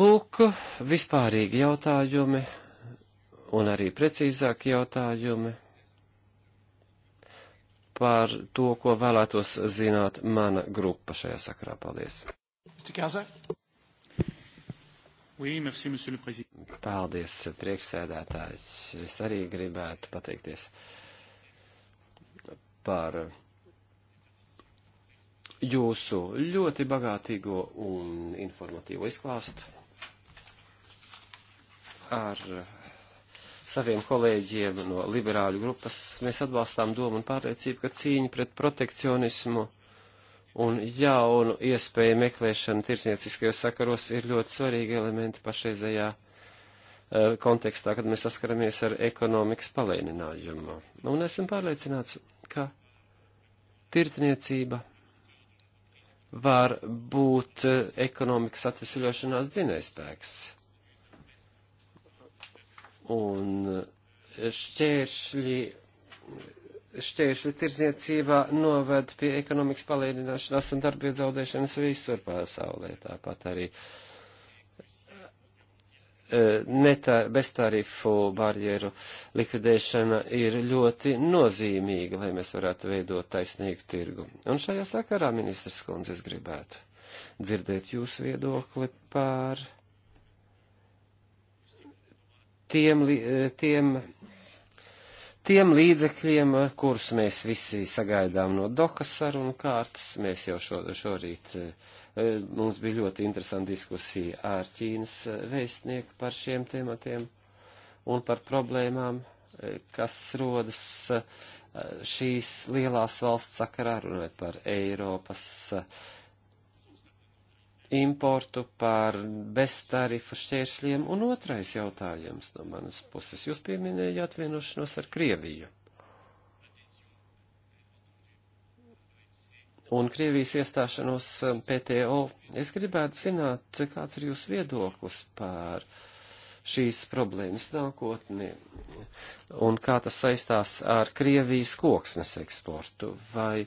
Lūk, vispārīgi jautājumi un arī precīzāki jautājumi par to, ko vēlētos zināt mana grupa šajā sakarā. Paldies! Oui, merci, Paldies, priekšsēdētājs. Es arī gribētu pateikties par jūsu ļoti bagātīgo un informatīvo izklāstu ar saviem kolēģiem no liberāļu grupas. Mēs atbalstām domu un pārliecību, ka cīņa pret protekcionismu un jaunu iespēju meklēšana tirsnieciskajos sakaros ir ļoti svarīgi elementi pašreizējā eh, kontekstā, kad mēs saskaramies ar ekonomikas palēninājumu. Un esam pārliecināts, ka tirdzniecība var būt eh, ekonomikas atvesļošanās dzinējspēks. Un eh, šķēršļi, šķēršļi tirzniecībā noved pie ekonomikas palēdināšanās un darbviet zaudēšanas visur pasaulē. Tāpat arī uh, E, netā, beztarifu barjeru likvidēšana ir ļoti nozīmīga, lai mēs varētu veidot taisnīgu tirgu. Un šajā sakarā, ministrs Kundze, es gribētu dzirdēt jūsu viedokli par tiem, e, tiem, tiem līdzekļiem, kurus mēs visi sagaidām no dokas sarunu kārtas. Mēs jau šo, šorīt. Šo e, E, mums bija ļoti interesanta diskusija ar Ķīnas vēstnieku par šiem tematiem un par problēmām, e, kas rodas e, šīs lielās valsts sakarā, runājot par Eiropas importu, par beztarifu šķēršļiem. Un otrais jautājums no manas puses. Jūs pieminējāt vienošanos ar Krieviju. un Krievijas iestāšanos um, PTO. Es gribētu zināt, kāds ir jūsu viedoklis par šīs problēmas nākotni un kā tas saistās ar Krievijas koksnes eksportu. Vai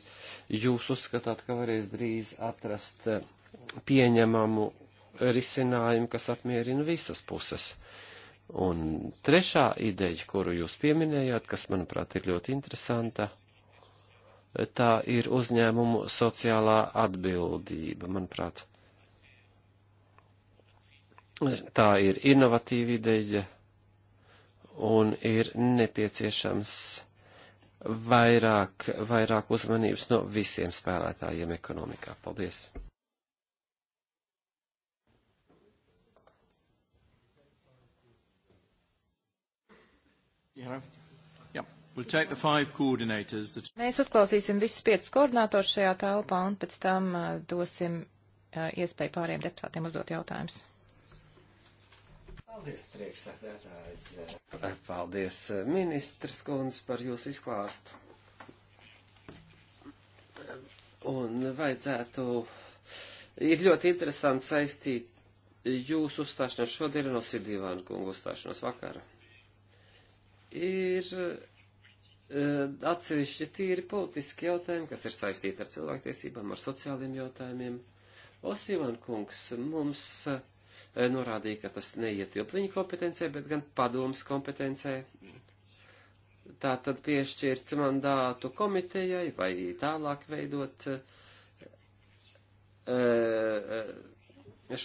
jūs uzskatāt, ka varēs drīz atrast um, pieņemamu risinājumu, kas apmierina visas puses? Un trešā ideja, kuru jūs pieminējāt, kas, manuprāt, ir ļoti interesanta, tā ir uzņēmumu sociālā atbildība, manuprāt. Tā ir inovatīva ideja un ir nepieciešams vairāk, vairāk uzmanības no visiem spēlētājiem ekonomikā. Paldies! Yeah. We'll that... Mēs uzklausīsim visus piecus koordinātors šajā telpā un pēc tam uh, dosim uh, iespēju pāriem deputātiem uzdot jautājumus. Paldies, priekšsēdētāji. Paldies, ministrs kundze, par jūsu izklāstu. Un vajadzētu, ir ļoti interesanti saistīt jūsu uzstāšanos šodien no Sidīvāna kungu uzstāšanos vakara. Ir Eh, atsevišķi tīri politiski jautājumi, kas ir saistīti ar cilvēktiesībām, ar sociāliem jautājumiem. Osīvan kungs mums eh, norādīja, ka tas neietilp viņa kompetencē, bet gan padomas kompetencē. Tā tad piešķirt mandātu komitejai vai tālāk veidot eh,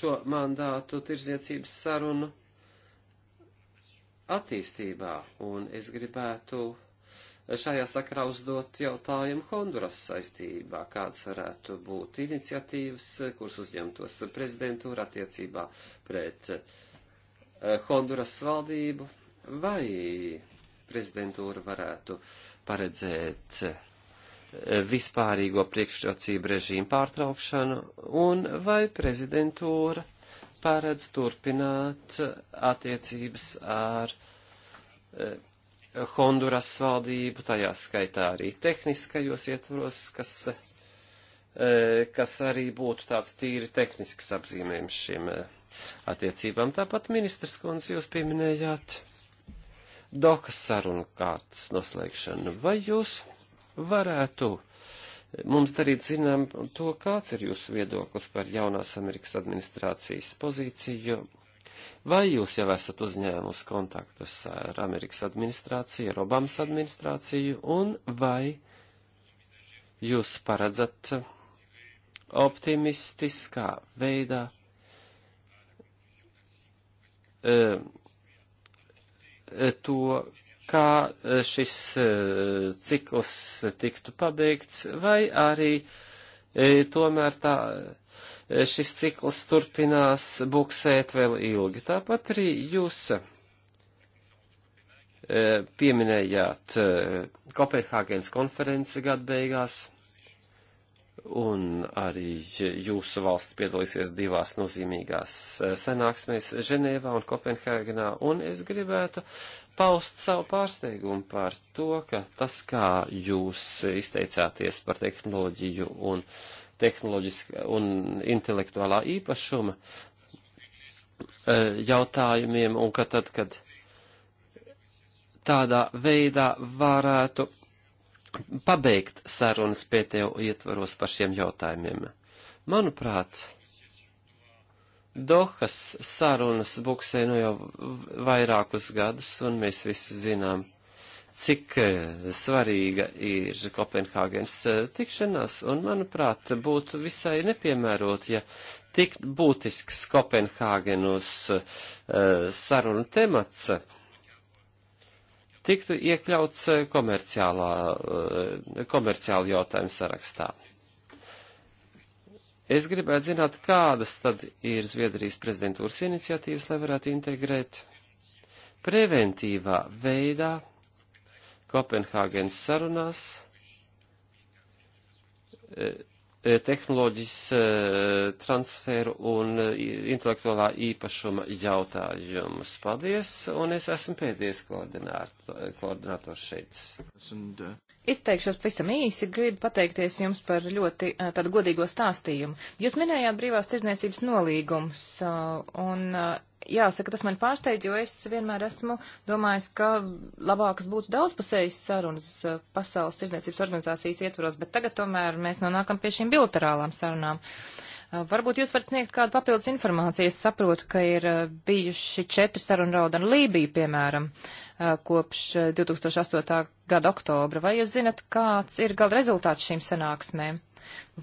šo mandātu tirzniecības sarunu attīstībā. Un es gribētu šajā sakarā uzdot jautājumu Honduras saistībā, kāds varētu būt iniciatīvas, kuras uzņemtos prezidentūra attiecībā pret eh, Honduras valdību, vai prezidentūra varētu paredzēt eh, vispārīgo priekšrocību režīmu pārtraukšanu, un vai prezidentūra paredz turpināt attiecības ar eh, Honduras valdību, tajā skaitā arī tehniskajos ietvaros, kas, e, kas arī būtu tāds tīri tehnisks apzīmējums šiem e, attiecībām. Tāpat ministrs kundze jūs pieminējāt Dohas sarunu kārtas noslēgšanu. Vai jūs varētu mums darīt zinām to, kāds ir jūsu viedoklis par jaunās Amerikas administrācijas pozīciju, jo Vai jūs jau esat uzņēmus kontaktus ar Amerikas administrāciju, ar Obamas administrāciju, un vai jūs paredzat optimistiskā veidā e, e to, kā e, šis e, cikls tiktu pabeigts, vai arī e, tomēr tā šis cikls turpinās buksēt vēl ilgi. Tāpat arī jūs e, pieminējāt e, Kopenhāgenes konferenci gadu beigās, un arī jūsu valsts piedalīsies divās nozīmīgās e, sanāksmēs Ženēvā un Kopenhāgenā, un es gribētu paust savu pārsteigumu par to, ka tas, kā jūs izteicāties par tehnoloģiju un uh, tehnoloģiskā un intelektuālā īpašuma eh, jautājumiem, un ka tad, kad tādā veidā varētu pabeigt sarunas PTO ietvaros par šiem jautājumiem. Manuprāt, Dohas sarunas buksē nu jau vairākus gadus, un mēs visi zinām, cik eh, svarīga ir Kopenhāgenes eh, tikšanās, un, manuprāt, būtu visai nepiemērot, ja tik būtisks Kopenhāgenos eh, sarunu temats tiktu iekļauts komerciālā, komerciāla jautājuma sarakstā. Es gribētu zināt, kādas tad ir Zviedrijas prezidentūras iniciatīvas, lai varētu integrēt preventīvā veidā Kopenhāgenes sarunās e, e, tehnoloģijas e, transferu un intelektuālā īpašuma jautājumus. Paldies, un es esmu pēdējais koordinators šeit. Uh, Izteikšos pavisam īsi, gribu pateikties jums par ļoti tādu godīgo stāstījumu. Jūs minējāt brīvās tirdzniecības nolīgumus, un jāsaka, tas man pārsteidz, jo es vienmēr esmu domājis, ka labākas būtu daudzpusējas sarunas eh, pasaules tirdzniecības organizācijas ietvaros, bet tagad tomēr mēs nonākam pie šīm bilaterālām sarunām. Eh, varbūt jūs varat sniegt kādu papildus informāciju. Es saprotu, ka ir eh, bijuši četri sarunu raudi ar Lībiju, piemēram, kopš 2008. gada oktobra. Vai jūs zinat, kāds ir gala rezultāts šīm sanāksmēm?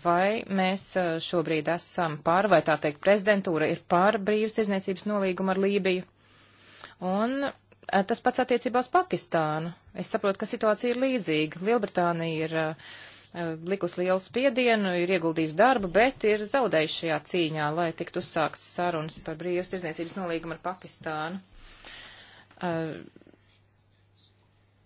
vai mēs eh, šobrīd esam par, vai tā teikt, prezidentūra ir par brīvas tirzniecības nolīgumu ar Lībiju. Un eh, tas pats attiecībā uz Pakistānu. Es saprotu, ka situācija ir līdzīga. Lielbritānija ir uh, eh, likus lielu spiedienu, ir ieguldījis darbu, bet ir zaudējis šajā cīņā, lai tiktu uzsākts sarunas par brīvas tirzniecības nolīgumu ar Pakistānu. Uh,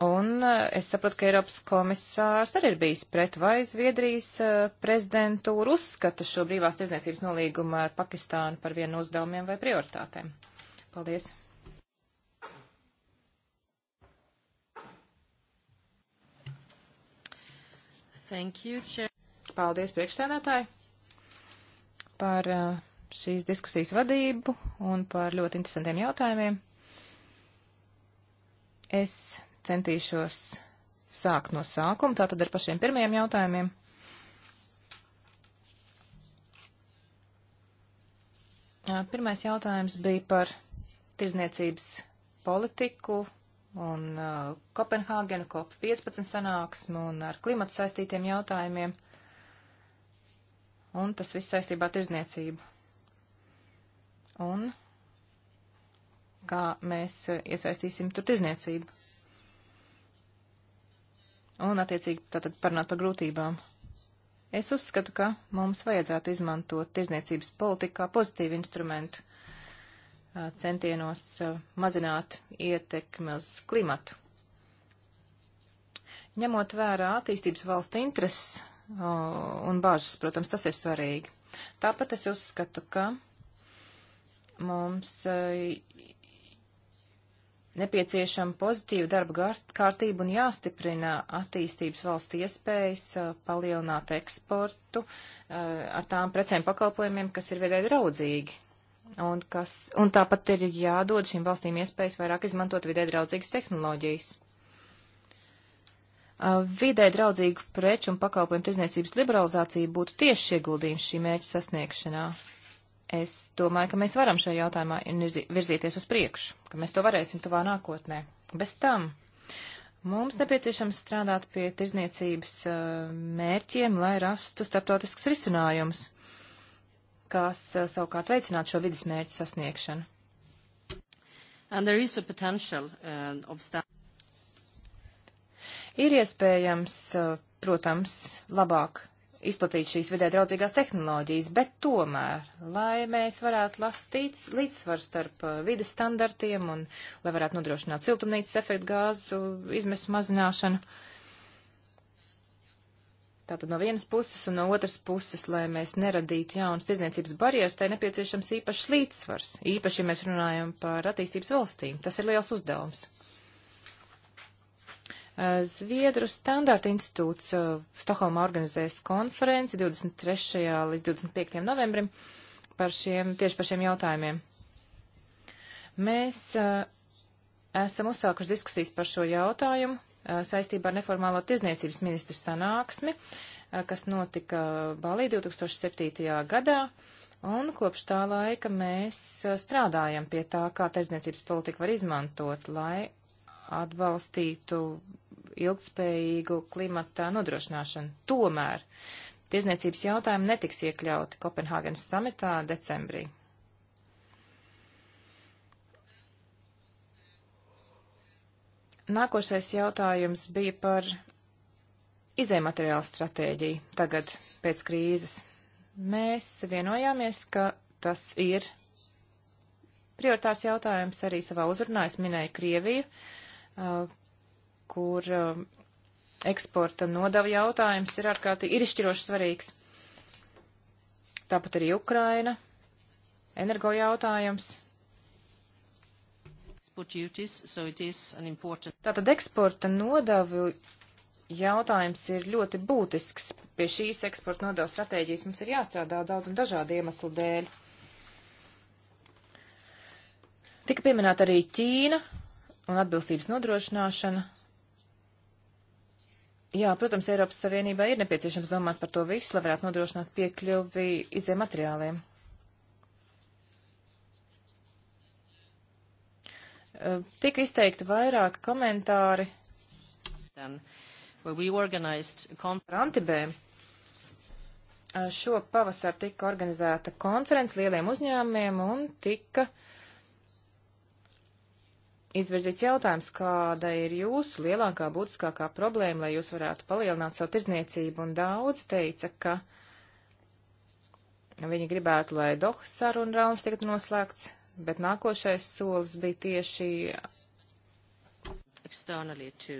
Un e, es saprotu, ka Eiropas komisārs arī ir bijis pret, vai Zviedrijas e, prezidentūra uzskata šo brīvās tirzniecības nolīgumu ar Pakistānu par vienu uzdevumiem vai prioritātēm. Paldies. Thank you, Chair. Paldies priekšsēdētāji par e, šīs diskusijas vadību un par ļoti interesantiem jautājumiem. Es centīšos sākt no sākuma, tātad ar pašiem pirmajiem jautājumiem. Pirmais jautājums bija par tirzniecības politiku un Kopenhāgenu COP15 sanāksmu un ar klimatu saistītiem jautājumiem. Un tas viss saistībā ar tirzniecību. Un kā mēs iesaistīsim tur tirzniecību un, attiecīgi, tātad parunāt par grūtībām. Es uzskatu, ka mums vajadzētu izmantot tirzniecības politikā pozitīvu instrumentu centienos mazināt ietekmi uz klimatu. Ņemot vērā attīstības valstu intereses un bāžas, protams, tas ir svarīgi. Tāpat es uzskatu, ka mums nepieciešama pozitīva darba kārtība un jāstiprina attīstības valsts iespējas palielināt eksportu ar tām precēm pakalpojumiem, kas ir vidē draudzīgi. Un, kas, un tāpat ir jādod šīm valstīm iespējas vairāk izmantot vidē draudzīgas tehnoloģijas. Vidē draudzīgu preču un pakalpojumu tirzniecības liberalizācija būtu tieši ieguldījums šī mērķa sasniegšanā. Es domāju, ka mēs varam šajā jautājumā virzīties uz priekšu, ka mēs to varēsim tuvā nākotnē. Bez tam mums nepieciešams strādāt pie tirzniecības eh, mērķiem, lai rastu starptautiskus risinājumus, kas eh, savukārt veicinātu šo vidas mērķu sasniegšanu. Uh, Ir iespējams, protams, labāk izplatīt šīs vidē draudzīgās tehnoloģijas, bet tomēr, lai mēs varētu lastīt līdzsvaru starp uh, vides standartiem un lai varētu nodrošināt siltumnīcas efektu gāzu izmesu mazināšanu. Tātad no vienas puses un no otras puses, lai mēs neradītu jaunas tirdzniecības barjeras, tai nepieciešams īpašs līdzsvars, īpaši, ja mēs runājam par attīstības valstīm. Tas ir liels uzdevums. Zviedru standārta institūts uh, Stokholmā organizēs konferenci 23. līdz 25. novembrim par šiem, tieši par šiem jautājumiem. Mēs uh, esam uzsākuši diskusijas par šo jautājumu uh, saistībā ar neformālo tirzniecības ministru sanāksmi, kas notika Balī 2007. gadā. Un kopš tā laika mēs strādājam pie tā, kā tirdzniecības politika var izmantot, lai atbalstītu ilgspējīgu klimata nodrošināšanu. Tomēr tirzniecības jautājumi netiks iekļauti Kopenhāgenes samitā decembrī. Nākošais jautājums bija par izējumateriālu stratēģiju tagad pēc krīzes. Mēs vienojāmies, ka tas ir prioritārs jautājums arī savā uzrunā. Es minēju Krieviju. Uh, kur um, eksporta nodavu jautājums ir ārkārtīgi ir izšķiroši svarīgs. Tāpat arī Ukraina, energo jautājums. Tātad eksporta nodavu jautājums ir ļoti būtisks. Pie šīs eksporta nodevu stratēģijas mums ir jāstrādā daudz un dažādu iemeslu dēļ. Tika pieminēta arī Ķīna un atbilstības nodrošināšana. Jā, protams, Eiropas Savienībā ir nepieciešams domāt par to visu, lai varētu nodrošināt piekļuvi iziem materiāliem. Tika izteikti vairāki komentāri par antibēm. Šo pavasaru tika organizēta konferences lieliem uzņēmumiem un tika uh, izvirzīts jautājums, kāda ir jūsu lielākā būtiskākā problēma, lai jūs varētu palielināt savu tirzniecību, un daudz teica, ka viņi gribētu, lai Dohas saruna rauns tiktu noslēgts, bet nākošais solis bija tieši. To, to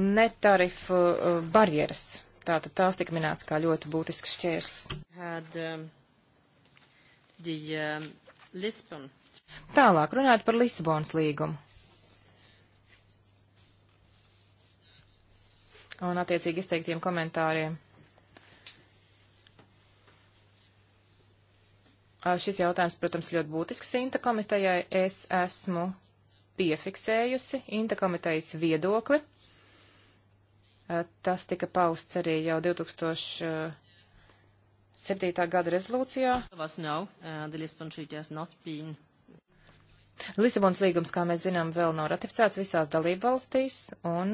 Netarifu uh, barjeras. Tātad tās tika minēts kā ļoti būtisks šķērslis. Had, um, the, um, Lisbon Tālāk runāt par Lisabonas līgumu. Un attiecīgi izteiktiem komentāriem. Šis jautājums, protams, ļoti būtisks Inta komitejai. Es esmu piefiksējusi Inta komitejas viedokli. Tas tika pausts arī jau 2007. gada rezolūcijā. Lisabons līgums, kā mēs zinām, vēl nav ratificēts visās dalību valstīs, un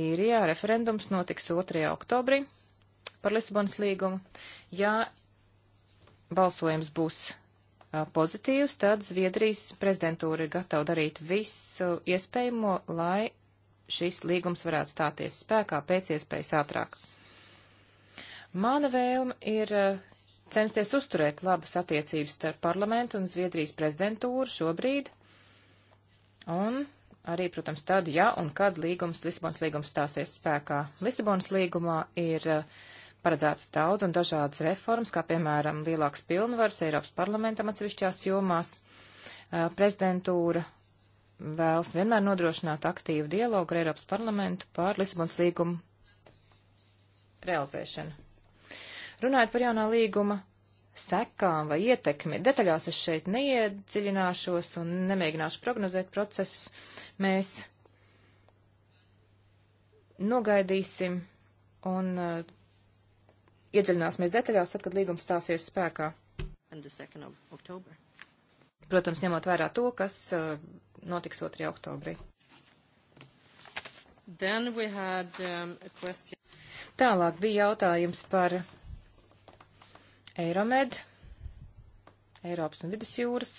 īrijā referendums notiks 2. oktobrī par Lisabons līgumu. Ja balsojums būs pozitīvs, tad Zviedrijas prezidentūra ir gatava darīt visu iespējamo, lai šis līgums varētu stāties spēkā pēc iespējas ātrāk. Mana vēlme ir censties uzturēt labas attiecības starp parlamentu un Zviedrijas prezidentūru šobrīd. Un arī, protams, tad, ja un kad līgums, Lisabonas līgums stāsies spēkā. Lisabonas līgumā ir eh, paredzēts daudz un dažādas reformas, kā piemēram lielāks pilnvars Eiropas parlamentam atsevišķās jomās. Eh, prezidentūra vēlas vienmēr nodrošināt aktīvu dialogu ar Eiropas parlamentu par Lisabonas līgumu realizēšanu. Runājot par jaunā līguma sekām vai ietekmi, detaļās es šeit neiedziļināšos un nemēģināšu prognozēt procesus. Mēs nogaidīsim un uh, iedziļināsimies detaļās tad, kad līgums stāsies spēkā. Protams, ņemot vērā to, kas uh, notiks 2. oktobrī. Had, um, Tālāk bija jautājums par Eiromed, Eiropas un Vidusjūras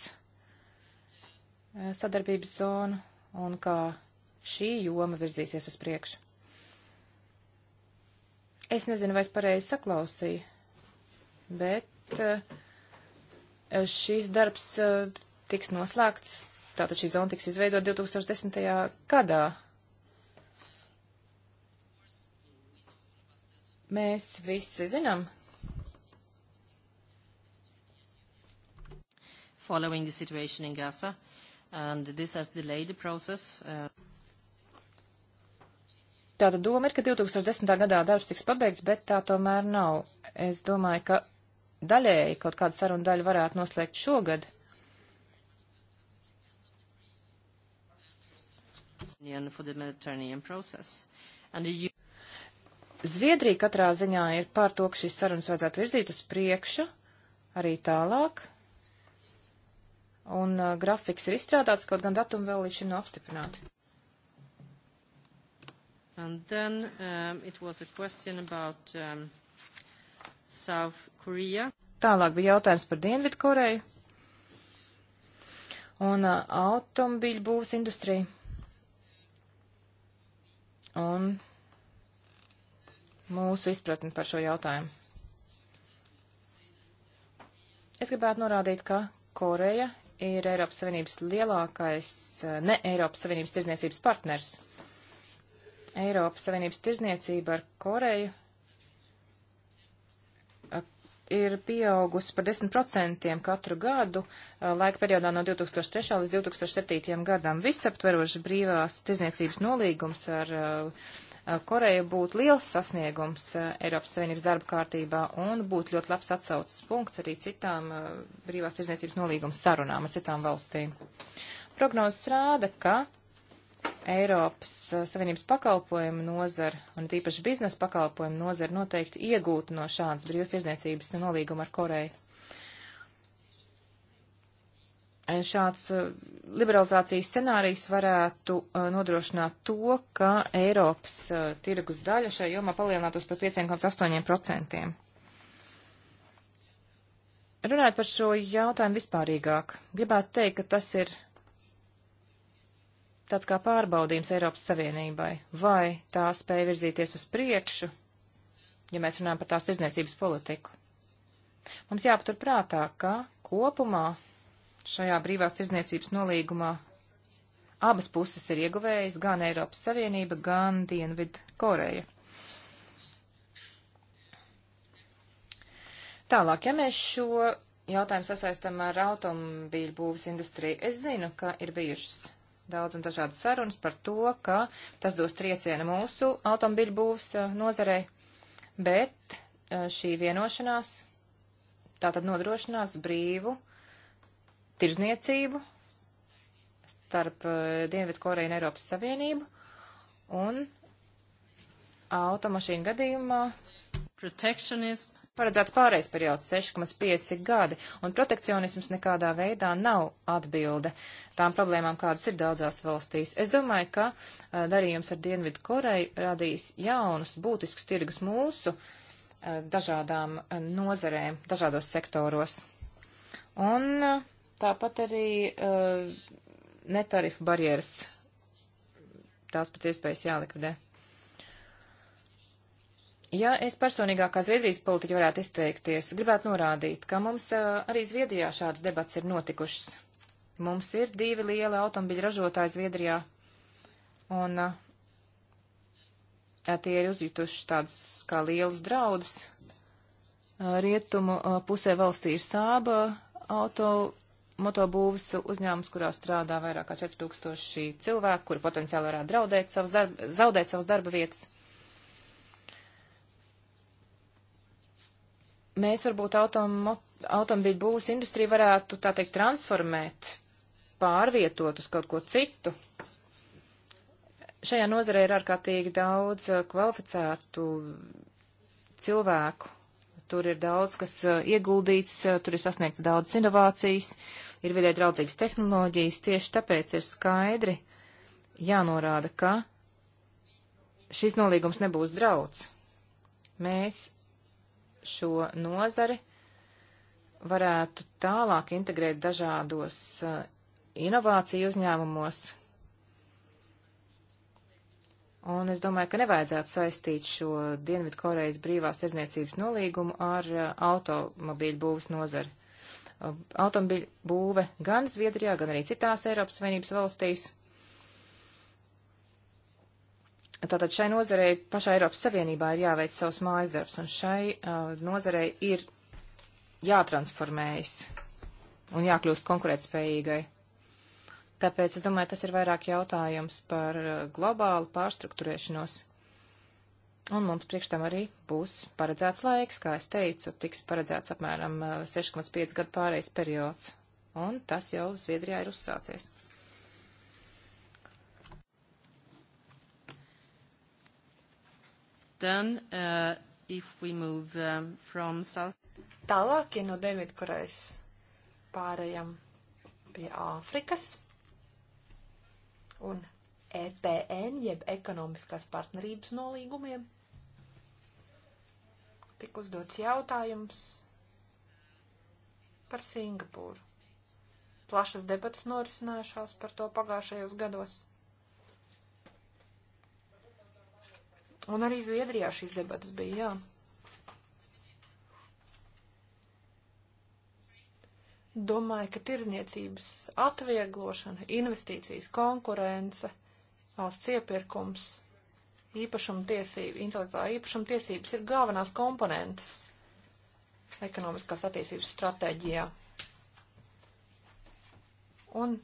eh, sadarbības zonu un kā šī joma virzīsies uz priekšu. Es nezinu, vai es pareizi saklausīju, bet eh, šīs darbs eh, tiks noslēgts, tātad šī zona tiks izveidot 2010. gadā. Mēs visi zinām, following the situation in Gaza, and this has delayed the process. Uh... Tātad doma ir, ka 2010. gadā darbs tiks pabeigts, bet tā tomēr nav. Es domāju, ka daļēji kaut kādu sarunu daļu varētu noslēgt šogad. Zviedrija katrā ziņā ir pār to, ka šīs sarunas vajadzētu virzīt uz priekšu arī tālāk, Un uh, grafiks ir izstrādāts, kaut gan datumi vēl līdz šim nav apstiprināti. And then um, it was a question about um, South Korea. Tālāk bija jautājums par Dienvidu Koreju un uh, automobīļu būvas industriju. Un mūsu izpratni par šo jautājumu. Es gribētu norādīt, ka Koreja ir Eiropas Savienības lielākais, eh, ne Eiropas Savienības tirzniecības partners. Eiropas Savienības tirzniecība ar Koreju eh, ir pieaugusi par 10% katru gadu eh, laika periodā no 2003. līdz 2007. gadam. Visaptverošs brīvās tirzniecības nolīgums ar uh, Eh, Koreja būtu liels sasniegums eh, Eiropas Savienības darba kārtībā un būtu ļoti labs atsaucas punkts arī citām eh, brīvās tirdzniecības nolīgums sarunām ar citām valstīm. Prognozes rāda, ka Eiropas Savienības pakalpojumu nozara un tīpaši biznesa pakalpojumu nozara noteikti iegūtu no šādas brīvas tirdzniecības nolīguma ar Koreju šāds uh, liberalizācijas scenārijs varētu uh, nodrošināt to, ka Eiropas uh, tirgus daļa šai jomā palielinātos par 5,8%. Runājot par šo jautājumu vispārīgāk, gribētu teikt, ka tas ir tāds kā pārbaudījums Eiropas Savienībai, vai tā spēja virzīties uz priekšu, ja mēs runājam par tās tirdzniecības politiku. Mums jāpatur prātā, ka kopumā Šajā brīvās tirzniecības nolīgumā abas puses ir ieguvējis gan Eiropas Savienība, gan Dienvidu Koreja. Tālāk, ja mēs šo jautājumu sasaistam ar automobīļu būvas industriju, es zinu, ka ir bijušas daudz un dažādas sarunas par to, ka tas dos triecienu mūsu automobīļu būvas eh, nozarei, bet eh, šī vienošanās tātad nodrošinās brīvu tirzniecību starp eh, Dienvidkoreju un Eiropas Savienību un automašīnu gadījumā paredzēts pārējais periods 6,5 gadi, un protekcionisms nekādā veidā nav atbilde tām problēmām, kādas ir daudzās valstīs. Es domāju, ka a, eh, darījums ar Dienvidu Koreju radīs jaunus būtiskus tirgus mūsu a, eh, dažādām a, nozerēm, dažādos sektoros. Un Tāpat arī uh, netarifu barjeras tās pēc iespējas jālikvidē. Ja es personīgā kā Zviedrijas politiķi varētu izteikties, gribētu norādīt, ka mums uh, arī Zviedrijā šādas debats ir notikušas. Mums ir divi lieli automobiļu ražotāji Zviedrijā, un uh, tie ir uzjutuši tādas kā lielas draudus. Rietumu pusē valstī ir sāba auto motobūvas uzņēmums, kurā strādā vairāk kā 4000 cilvēku, kuri potenciāli varētu draudēt savus darba, zaudēt savas darba vietas. Mēs varbūt automo, automobīļu būvas industriju varētu, tā teikt, transformēt, pārvietot uz kaut ko citu. Šajā nozarē ir ārkārtīgi daudz eh, kvalificētu cilvēku, Tur ir daudz, kas ieguldīts, tur ir sasniegts daudz inovācijas, ir vidē draudzīgas tehnoloģijas, tieši tāpēc ir skaidri jānorāda, ka šis nolīgums nebūs drauds. Mēs šo nozari varētu tālāk integrēt dažādos uh, inovāciju uzņēmumos, Un es domāju, ka nevajadzētu saistīt šo Dienvidkorejas brīvās tirzniecības nolīgumu ar uh, automobīļu būvas nozari. Uh, automobīļu būve gan Zviedrijā, gan arī citās Eiropas Savienības valstīs. Tātad šai nozarei pašā Eiropas Savienībā ir jāveic savs mājas darbs, un šai uh, nozarei ir jātransformējas un jākļūst konkurētspējīgai. Tāpēc es domāju, tas ir vairāk jautājums par uh, globālu pārstruktūrēšanos. Un mums priekš tam arī būs paredzēts laiks, kā es teicu, tiks paredzēts apmēram 6,5 uh, gadu pārējais periods. Un tas jau Zviedrijā ir uzsācies. Then, uh, if we move um, from South... Tālāk, ja no Dienvidkorejas pārējām pie Āfrikas un EPN, jeb ekonomiskās partnerības nolīgumiem. Tik uzdots jautājums par Singapūru. Plašas debatas norisinājušās par to pagājušajos gados. Un arī Zviedrijā šīs debatas bija, jā. Domāju, ka tirzniecības atvieglošana, investīcijas, konkurence, valsts iepirkums, īpašuma tiesība, intelektuālā īpašuma tiesības ir galvenās komponentes ekonomiskās attīstības stratēģijā. Un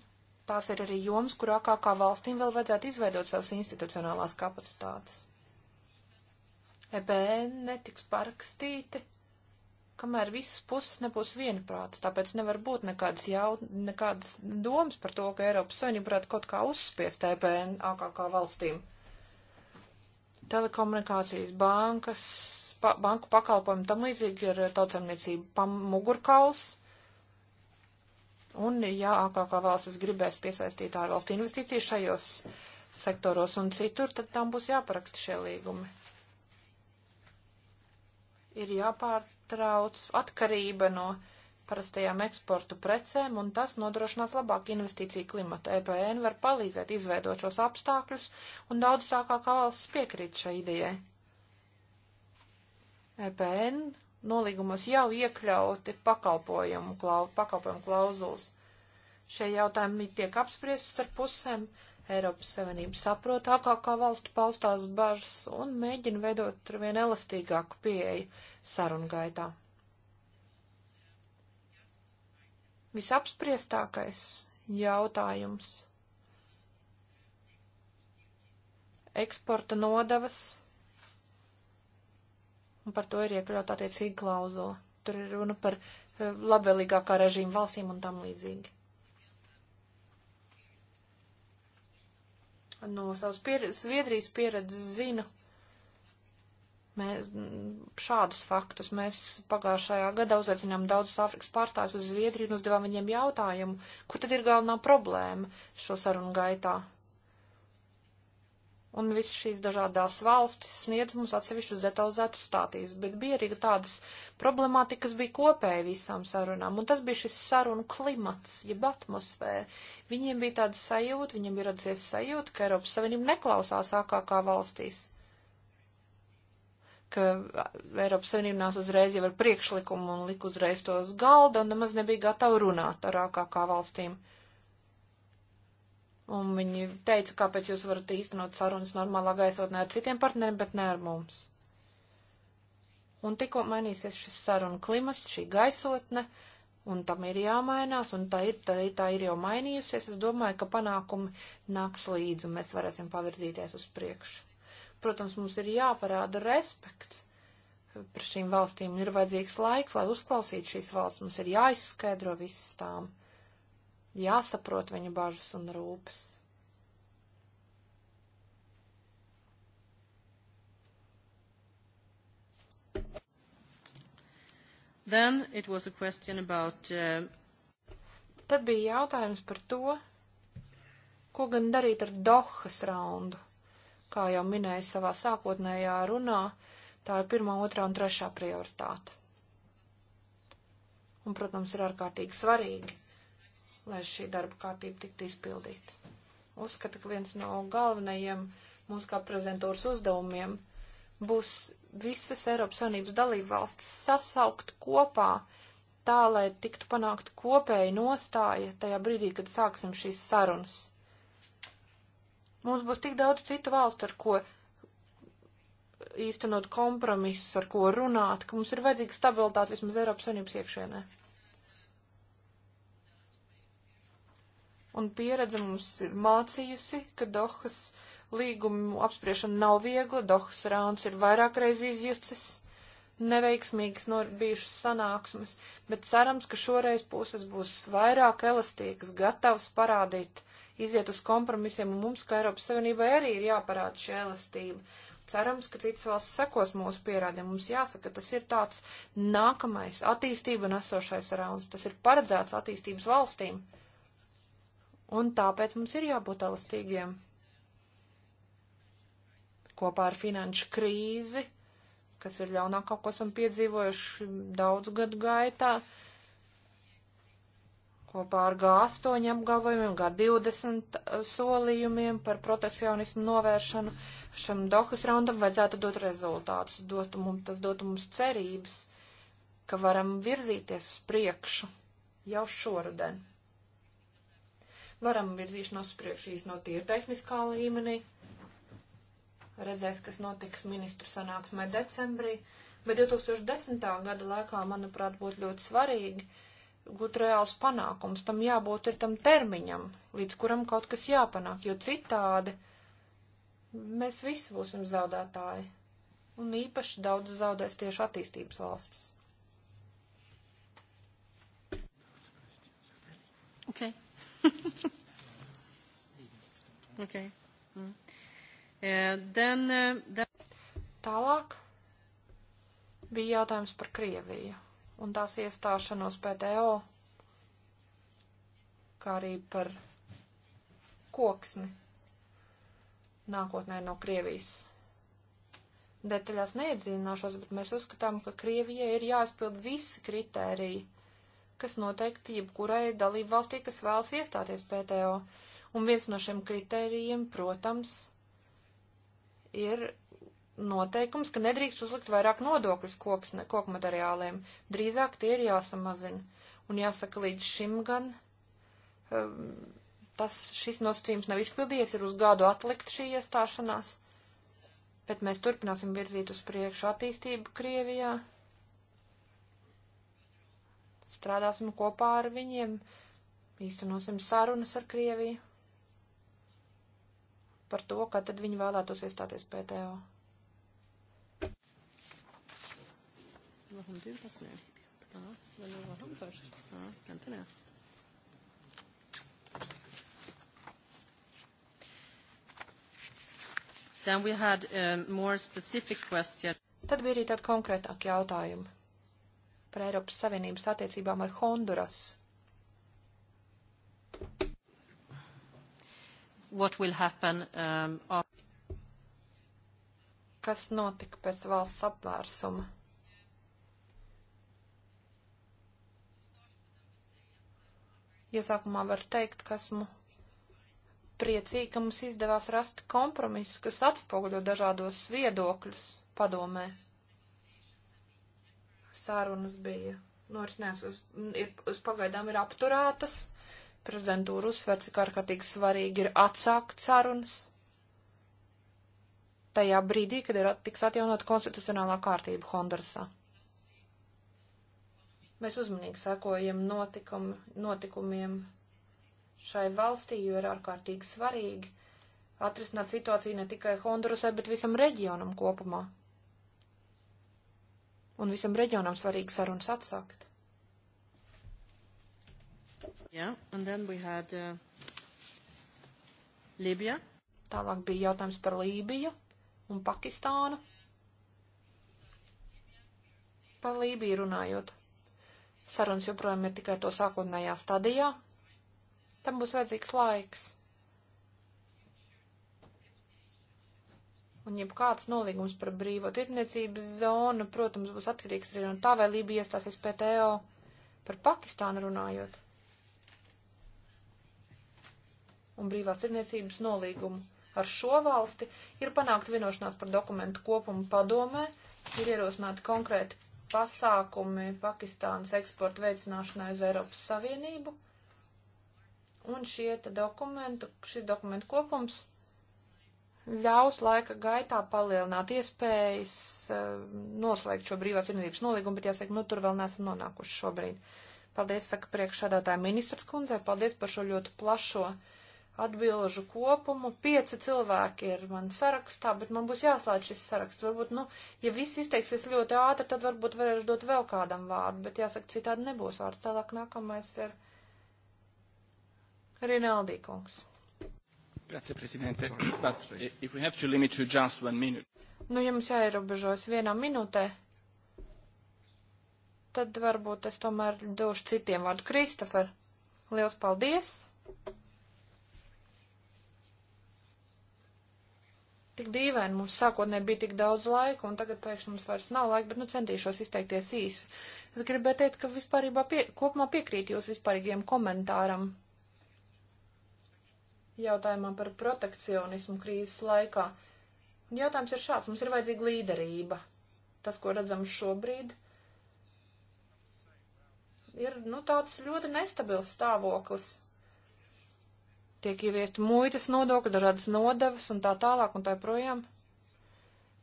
tās ir arī jomas, kurā kā, kā valstīm vēl vajadzētu izveidot savas institucionālās kapacitātes. EBN netiks parakstīti kamēr visas puses nebūs vienprātas. Tāpēc nevar būt nekādas, jaut, nekādas domas par to, ka Eiropas Savienība varētu kaut kā uzspiest TPN e AKK valstīm. Telekomunikācijas bankas, pa, banku pakalpojumi tam līdzīgi ir tautsamniecība pamugurkauls. Un, ja AKK valstis gribēs piesaistīt ārvalstu investīcijas šajos sektoros un citur, tad tam būs jāparaksta šie līgumi. Ir jāpār, jātrauc atkarība no parastajām eksportu precēm, un tas nodrošinās labāku investīciju klimatu. EPN var palīdzēt izveidot šos apstākļus, un daudz sākākā valsts piekrīt šai idejai. EPN nolīgumos jau iekļauti pakalpojumu, klau, pakalpojumu klauzulas. Šie jautājumi tiek apspriesti starp pusēm. Uh, Eiropas Savienība saprot ārkārtā valstu paustās bažas un mēģina veidot ar vien elastīgāku pieeju sarunu gaitā. Visapspriestākais jautājums - eksporta nodavas, un par to ir iekļaut attiecīga klauzula. Tur ir runa par eh, labvēlīgākā režīma valstīm un tam līdzīgi. no savas pier Zviedrijas pieredzes zinu. Mēs, šādus faktus mēs pagājušajā gadā uzaicinājām daudzus Āfrikas pārstāvjus uz Zviedriju un uzdevām viņiem jautājumu, kur tad ir galvenā problēma šo sarunu gaitā un visas šīs dažādās valstis sniedz mums atsevišķus detalizētus stātījus, bet bija arī tādas problemātika, kas bija kopēja visām sarunām, un tas bija šis sarunu klimats, jeb atmosfēra. Viņiem bija tāda sajūta, viņiem bija radusies sajūta, ka Eiropas Savienība neklausās ākākā valstīs, ka Eiropas Savienība nāca uzreiz jau ar priekšlikumu un lika uzreiz tos galda, un nemaz nebija gatava runāt ar ākākā valstīm. Uh, Un viņi teica, kāpēc jūs varat īstenot sarunas normālā gaisotnē ar citiem partneriem, bet ne ar mums. Un tikko mainīsies šis sarunu klimats, šī gaisotne, un tam ir jāmainās, un tā ir, tā, tā ir jau mainījusies, es domāju, ka panākumi nāks līdzi, un mēs varēsim pavirzīties uz priekšu. Protams, mums ir jāparāda respekts par šīm valstīm, un ir vajadzīgs laiks, lai uzklausītu šīs valsts, mums ir jāizskaidro visas tām. Uh, jāsaprot viņu bažas un rūpes. Then it was a question about. Uh... Tad bija jautājums par to, ko gan darīt ar Dohas raundu. Kā jau minēju savā sākotnējā runā, tā ir pirmā, otrā un trešā prioritāte. Un, protams, ir ārkārtīgi svarīgi, lai šī darba kārtība tiktu izpildīta. Uzskatu, ka viens no galvenajiem mūsu kā prezidentūras uzdevumiem būs visas Eiropas Savienības dalību valstis sasaukt kopā, tā lai tiktu panākt kopēja nostāja tajā brīdī, kad sāksim šīs sarunas. Mums būs tik daudz citu valstu, ar ko īstenot kompromisus, ar ko runāt, ka mums ir vajadzīga stabilitāte vismaz Eiropas Savienības iekšienē. un pieredze mums ir mācījusi, ka Dohas līgumu apspriešana nav viegla, Dohas rauns ir vairākreiz izjucis, neveiksmīgas no bijušas sanāksmes, bet cerams, ka šoreiz puses būs vairāk elastīgas, gatavas parādīt, iziet uz kompromisiem, un mums, kā Eiropas Savienībai, arī ir jāparāda šī elastība. Cerams, ka citas valsts sekos mūsu pierādījumiem. Mums jāsaka, tas ir tāds nākamais attīstība nesošais rauns. Tas ir paredzēts attīstības valstīm. Uh, Un tāpēc mums ir jābūt elastīgiem. Kopā ar finanšu krīzi, kas ir ļaunākā, ko esam piedzīvojuši daudzu gadu gaitā, kopā ar G8 apgalvojumiem, G20 uh, solījumiem par protekcionismu novēršanu, šam Dohas raundam vajadzētu dot rezultātus, dotu mums, tas dotu mums cerības, ka varam virzīties uz priekšu jau šoruden varam virzīšanos priekš īstenot ir tehniskā līmenī. Redzēs, kas notiks ministru sanāksmē decembrī, bet 2010. gada laikā, manuprāt, būtu ļoti svarīgi gūt reāls panākums. Tam jābūt ir tam termiņam, līdz kuram kaut kas jāpanāk, jo citādi mēs visi būsim zaudētāji. Un īpaši daudz zaudēs tieši attīstības valstis. Okay. okay. Mm. Yeah, then, uh, then... Tālāk bija jautājums par Krieviju un tās iestāšanos PTO, kā arī par koksni nākotnē no Krievijas. Detaļās neiedziļināšos, bet mēs uzskatām, ka Krievijai ir jāizpild visi kritēriji kas noteikti jebkurai dalību valstī, kas vēlas iestāties PTO. Un viens no šiem kritērijiem, protams, ir noteikums, ka nedrīkst uzlikt vairāk nodokļus koks, koku materiāliem. Drīzāk tie ir jāsamazina. Un jāsaka, līdz šim gan um, tas, šis nosacījums nav izpildījies, ir uz gadu atlikt šī iestāšanās. Bet mēs turpināsim virzīt uz priekšu attīstību Krievijā strādāsim kopā ar viņiem, īstenosim sarunas ar Krieviju par to, kā tad viņi vēlētos iestāties PTO. Warum den das nicht? Ja, wenn du warum bist. Ja, könnte ja. Then we had um, more specific question. Tad bija arī tādi konkrētāki jautājumi par Eiropas Savienības attiecībām ar Honduras. What will happen, um, or... Kas notika pēc valsts apvērsuma? Iesākumā var teikt, ka esmu priecīgi, ka mums izdevās rast kompromisu, kas atspoguļo dažādos viedokļus padomē. Sārunas bija norisinās uz, ir, uz pagaidām ir apturētas. Prezidentūra uzsver, cik ārkārtīgi svarīgi ir atsākt sarunas. Tajā brīdī, kad ir at, tiks atjaunot konstitucionālā kārtība Hondurasā. Mēs uzmanīgi sekojam notikum, notikumiem šai valstī, jo ir ārkārtīgi svarīgi atrisināt situāciju ne tikai Hondurasai, bet visam reģionam kopumā un visam reģionam svarīgi sarunas atsākt. Yeah, and then we had uh, Libya. Tālāk bija jautājums par Lībiju un Pakistānu. Par Lībiju runājot. Sarunas joprojām ir tikai to sākotnējā stadijā. Tam būs vajadzīgs laiks. Un ja kāds nolīgums par brīvo tirdzniecības zonu, protams, būs atkarīgs arī no tā, vai Lībija iestāsies PTO par Pakistānu runājot. Un brīvās tirdzniecības nolīgumu ar šo valsti ir panākt vienošanās par dokumentu kopumu padomē, ir ierosināti konkrēti pasākumi Pakistānas eksporta veicināšanai uz Eiropas Savienību. Un šie dokumenti, šis dokumentu kopums ļaus laika gaitā palielināt iespējas eh, noslēgt šo brīvās zinības nolīgumu, bet jāsaka, nu tur vēl neesam nonākuši šobrīd. Paldies, saka priekšsādātāja ministrs kundzē, paldies par šo ļoti plašo atbilžu kopumu. Pieci cilvēki ir man sarakstā, bet man būs jāslēdz šis saraksts. Varbūt, nu, ja viss izteiksies ļoti ātri, tad varbūt varēšu dot vēl kādam vārdu, bet jāsaka, citādi nebūs vārds. Tālāk nākamais ir Rinaldī kungs. Grazie, prezidente. But if we have to limit to just one minute. Nu, ja mums jāierobežojas vienā minūtē, tad varbūt es tomēr došu citiem vārdu. Kristofer, liels paldies! Tik dīvaini mums sākotnē bija tik daudz laika, un tagad pēkšņi mums vairs nav laika, bet nu centīšos izteikties īsi. Es gribēju teikt, ka vispārībā pie, kopumā piekrīt jūs vispārīgiem komentāram jautājumā par protekcionismu krīzes laikā. Un jautājums ir šāds. Mums ir vajadzīga līderība. Tas, ko redzam šobrīd, ir nu, tāds ļoti nestabils stāvoklis. Tiek ieviesti muitas nodokļi, dažādas nodevas un tā tālāk un tā projām.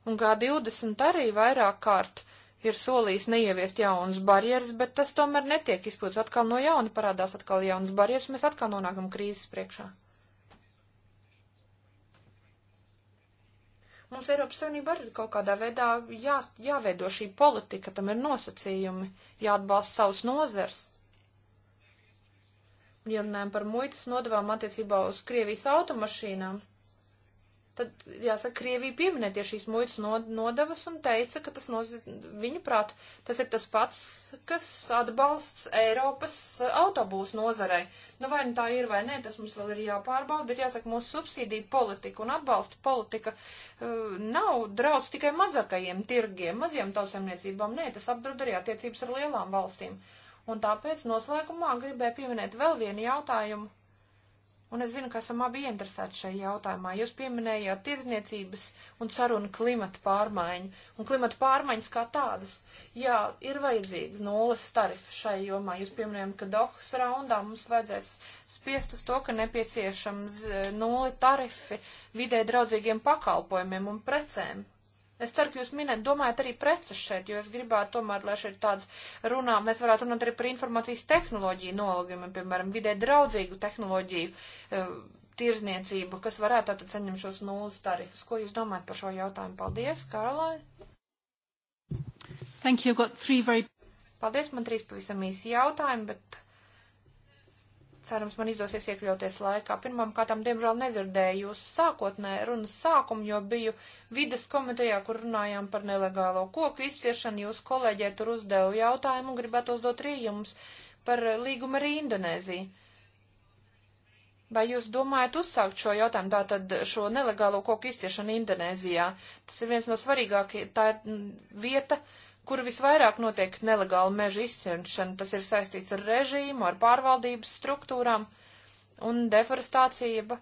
Un G20 arī vairāk kārt ir solījis neieviest jaunas barjeras, bet tas tomēr netiek izpildīts. Atkal no jauna parādās atkal jaunas barjeras, mēs atkal nonākam krīzes priekšā. Mums Eiropas Savienība arī ir kaut kādā veidā jā, jāveido šī politika, tam ir nosacījumi, jāatbalsta savus nozars. Ja runājam par muitas nodavām attiecībā uz Krievijas automašīnām, Tad, jāsaka, Krievija pieminēja tieši šīs muitas nodevas un teica, ka tas, nozi... viņuprāt, tas ir tas pats, kas atbalsts Eiropas autobūs nozarei. Nu, vai nu tā ir vai nē, tas mums vēl ir jāpārbauda, bet jāsaka, mūsu subsīdija politika un atbalsta politika uh, nav draudz tikai mazākajiem tirgiem, mazajām tautsēmniecībām. Nē, tas apdraud arī attiecības ar lielām valstīm. Un tāpēc noslēgumā gribēju pieminēt vēl vienu jautājumu un es zinu, ka esam abi interesēti šajā jautājumā. Jūs pieminējāt tirdzniecības un sarunu klimata pārmaiņu, un klimata pārmaiņas kā tādas, jā, ir vajadzīgs nulles tarifs šai jomā. Jūs pieminējāt, ka Dohas raundā mums vajadzēs spiest uz to, ka nepieciešams eh, nulli tarifi vidē draudzīgiem pakalpojumiem un precēm. Es ceru, ka jūs minēt, domājat arī preces šeit, jo es gribētu tomēr, lai šeit tāds runā, mēs varētu runāt arī par informācijas tehnoloģiju nolagumiem, piemēram, vidē draudzīgu tehnoloģiju e, tirzniecību, kas varētu tātad saņemt šos nulles tarifus. Ko jūs domājat par šo jautājumu? Paldies, Karolai. Thank you, got three very... Paldies, man trīs pavisam īsi jautājumi, bet Cerams, man izdosies iekļauties laikā. Pirmām kārtām, diemžēl, nedzirdēju jūsu sākotnē runas sākumu, jo biju vides komitejā, kur runājām par nelegālo koku izciešanu. Jūs kolēģē tur uzdevu jautājumu un gribētu uzdot rījumus par līgumu ar Indonēziju. Vai jūs domājat uzsākt šo jautājumu, tātad šo nelegālo koku izciešanu Indonēzijā? Tas ir viens no svarīgākajiem, tā ir mm, vieta, uh, kur visvairāk notiek nelegāla meža izciršana. Tas ir saistīts ar režīmu, ar pārvaldības struktūrām un deforestācija,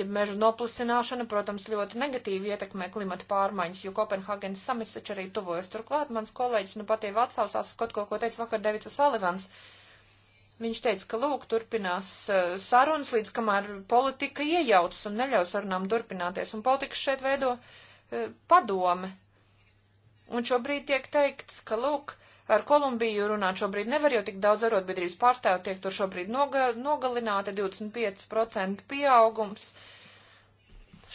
jeb mežu noplusināšana, protams, ļoti negatīvi ietekmē klimata pārmaiņas, jo Kopenhāgenes samits taču arī tuvojas. Turklāt mans kolēģis nu pat jau atsaucās kaut ko, ko teica vakar Devica Salivans. Viņš teica, ka lūk, turpinās uh, sarunas, līdz kamēr politika iejaucas un neļaus sarunām turpināties, un politika šeit veido uh, padome. Un šobrīd tiek teikts, ka, lūk, ar Kolumbiju runāt šobrīd nevar, jo tik daudz arotbiedrības pārstāvju tiek tur šobrīd noga, nogalināti, 25% pieaugums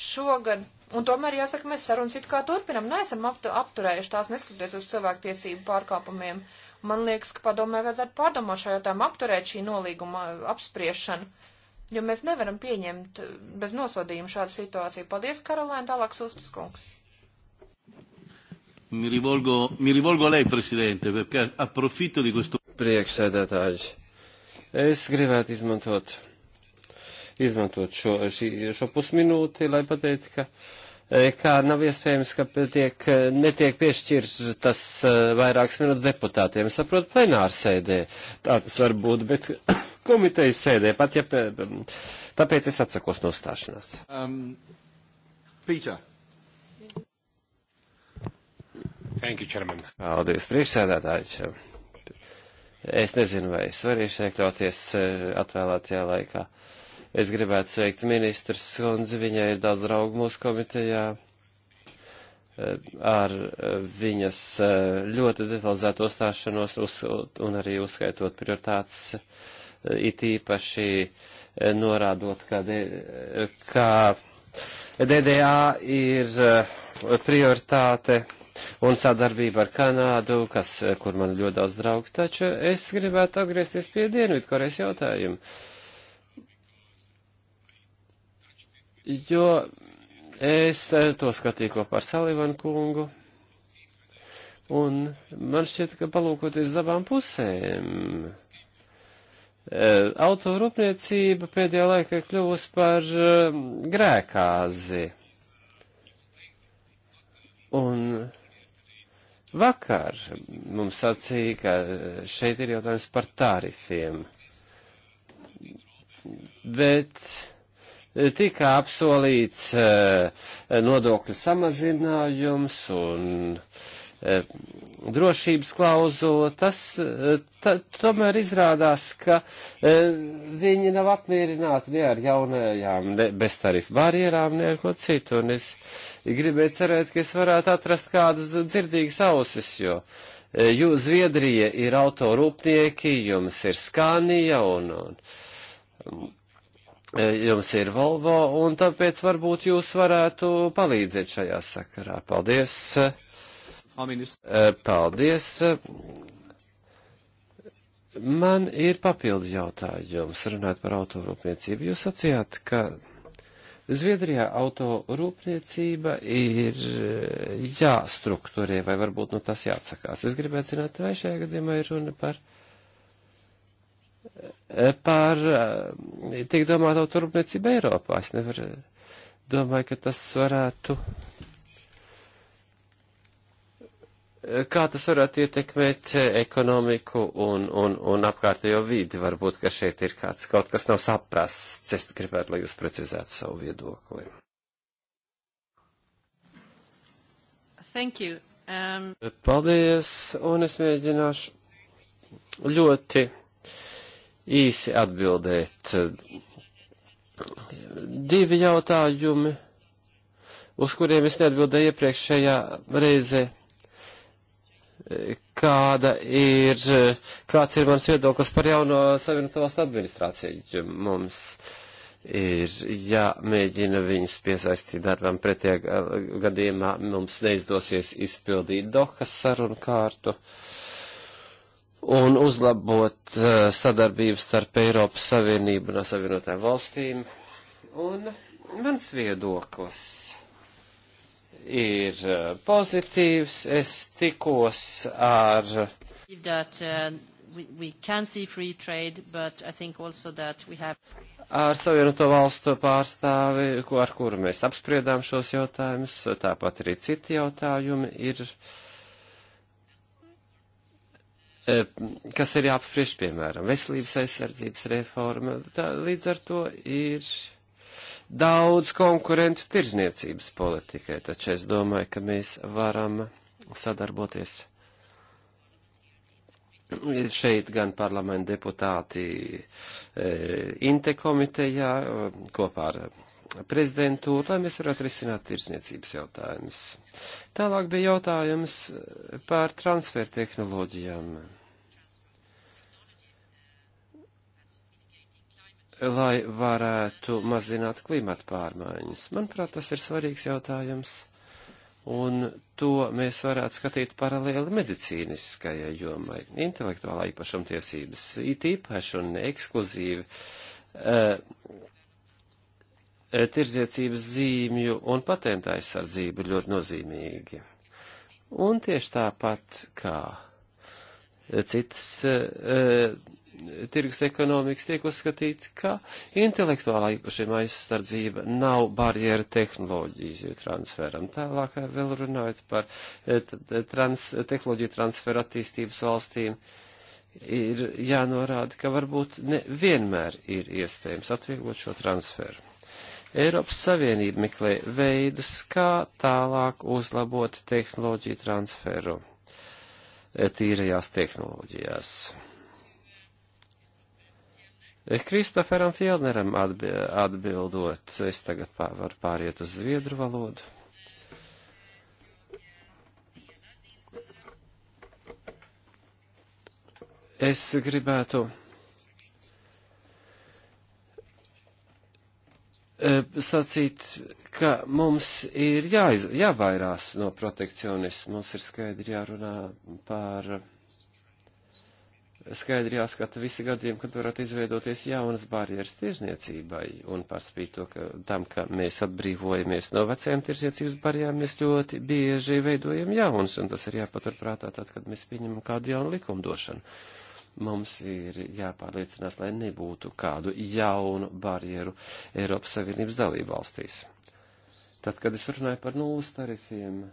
šogad. Un tomēr, jāsaka, mēs sarunas it kā turpinam, neesam aptu, apturējuši tās, neskatoties uz cilvēktiesību pārkāpumiem. Man liekas, ka padomē vajadzētu pārdomāt šajā jautājumā apturēt šī nolīguma uh, apspriešanu, jo mēs nevaram pieņemt uh, bez nosodījuma šādu situāciju. Paldies, Karolēna, tālāk Sustas kungs. Mi rivolgo, mi rivolgo a lei, Presidente, perché approfitto di questo. Priekšsēdētājs, es gribētu izmantot, izmantot šo, šī, šo pusminūti, lai pateiktu, ka eh, kā nav iespējams, ka tiek, netiek piešķirs tas eh, vairākas minūtes deputātiem. Saprot, plenāra sēdē tā tas var būt, bet komitejas sēdē pat, ja tāpēc es atsakos no stāšanās. Um, Peter. Thank you, Chairman. Paldies, priekšsēdētāji. Es nezinu, vai es varēšu iekļauties eh, atvēlētajā laikā. Es gribētu sveikt ministrs Skundzi, viņai ir daudz draugu mūsu komitejā. Eh, ar viņas eh, ļoti detalizētu uzstāšanos uz, un arī uzskaitot prioritātes, it īpaši norādot, ka, de, ka DDA ir prioritāte un sadarbība ar Kanādu, kas, eh, kur man ļoti daudz draugu, taču es gribētu atgriezties pie Dienvidkorejas jautājumu. Jo es eh, to skatīju kopā ar Salivanu kungu, un man šķiet, ka palūkoties uz abām pusēm, eh, autorūpniecība pēdējā laikā ir kļuvusi par grēkāzi. Un Vakar mums sacīja, ka šeit ir jautājums par tarifiem, bet tika apsolīts eh, nodokļu samazinājums un uh, Eh, drošības klauzula, tas eh, ta, tomēr izrādās, ka e, viņi nav apmierināti ne ar jaunajām ne, beztarifu barjerām, ne ar ko citu. Un es gribēju cerēt, ka es varētu atrast kādas dzirdīgas ausis, jo e, jū, Zviedrija ir autorūpnieki, jums ir Skānija un. un Jums ir Volvo, un tāpēc varbūt jūs varētu palīdzēt šajā sakarā. Paldies! Eh, paldies. Man ir papildi jautājums runāt par autorūpniecību. Jūs sacījāt, ka Zviedrijā autorūpniecība ir eh, jāstrukturē, vai varbūt no nu, tas jāatsakās. Es gribētu zināt, vai šajā gadījumā ir runa par, eh, par tiek domāt autorūpniecību Eiropā. Es nevaru, domāju, ka tas varētu kā tas varētu ietekmēt eh, ekonomiku un, un, un apkārtējo vidi. Varbūt, ka šeit ir kāds kaut kas nav saprasts. Es gribētu, lai jūs precizētu savu viedokli. Thank you. Um... Paldies, un es mēģināšu ļoti īsi atbildēt. Divi jautājumi, uz kuriem es neatbildēju iepriekšējā reizē kāda ir, kāds ir mans viedoklis par jauno savienotu valstu administrāciju. Mums ir jāmēģina viņus piesaistīt darbam, pretējā gadījumā mums neizdosies izpildīt Dohas sarunu kārtu un uzlabot eh, sadarbību starp Eiropas Savienību un no Savienotām valstīm. Un mans viedoklis ir eh, pozitīvs. Es tikos ar. That, uh, we, we can see free trade, but I think also that we have ar Savienoto valstu pārstāvi, ar kuru mēs apspriedām šos jautājumus, tāpat arī citi jautājumi ir, eh, kas ir jāapspriež, piemēram, veselības aizsardzības reforma. Tā, līdz ar to ir daudz konkurentu tirzniecības politikai, taču es domāju, ka mēs varam sadarboties. Šeit gan parlamenta deputāti e, Inte komitejā kopā ar prezidentūru, lai mēs varētu risināt tirsniecības jautājumus. Tālāk bija jautājums par transfertehnoloģijām. tehnoloģijām. lai varētu mazināt klimata pārmaiņas. Manuprāt, tas ir svarīgs jautājums, un to mēs varētu skatīt paralēli medicīniskajai jomai. Intelektuālā īpašumtiesības it īpaši un ekskluzīvi. Uh, eh, Tirzniecības zīmju un patenta aizsardzība ir ļoti nozīmīgi. Un tieši tāpat kā citas uh, tirgus ekonomikas tiek uzskatīti, ka intelektuālā īpašuma aizstardzība nav barjera tehnoloģiju transferam. Tālāk vēl runājot par eh, trans, tehnoloģiju transferu attīstības valstīm. Ir jānorāda, ka varbūt ne vienmēr ir iespējams atvieglot šo transferu. Eiropas Savienība meklē veidus, kā tālāk uzlabot tehnoloģiju transferu eh, tīrajās tehnoloģijās. Kristoferam Fielneram atbildot, es tagad varu pāriet uz zviedru valodu. Es gribētu e, sacīt, ka mums ir jāiz, jāvairās no protekcionismu, mums ir skaidri jārunā par skaidri jāskata visi gadījumi, kad varētu izveidoties jaunas barjeras tirzniecībai, un par spīti to, ka tam, ka mēs atbrīvojamies no vecajām tirzniecības barjām, mēs ļoti bieži veidojam jaunas, un tas ir jāpaturprātā tad, kad mēs pieņemam kādu jaunu likumdošanu. Mums ir jāpārliecinās, lai nebūtu kādu jaunu barjeru Eiropas Savienības dalību valstīs. Tad, kad es runāju par nulles tarifiem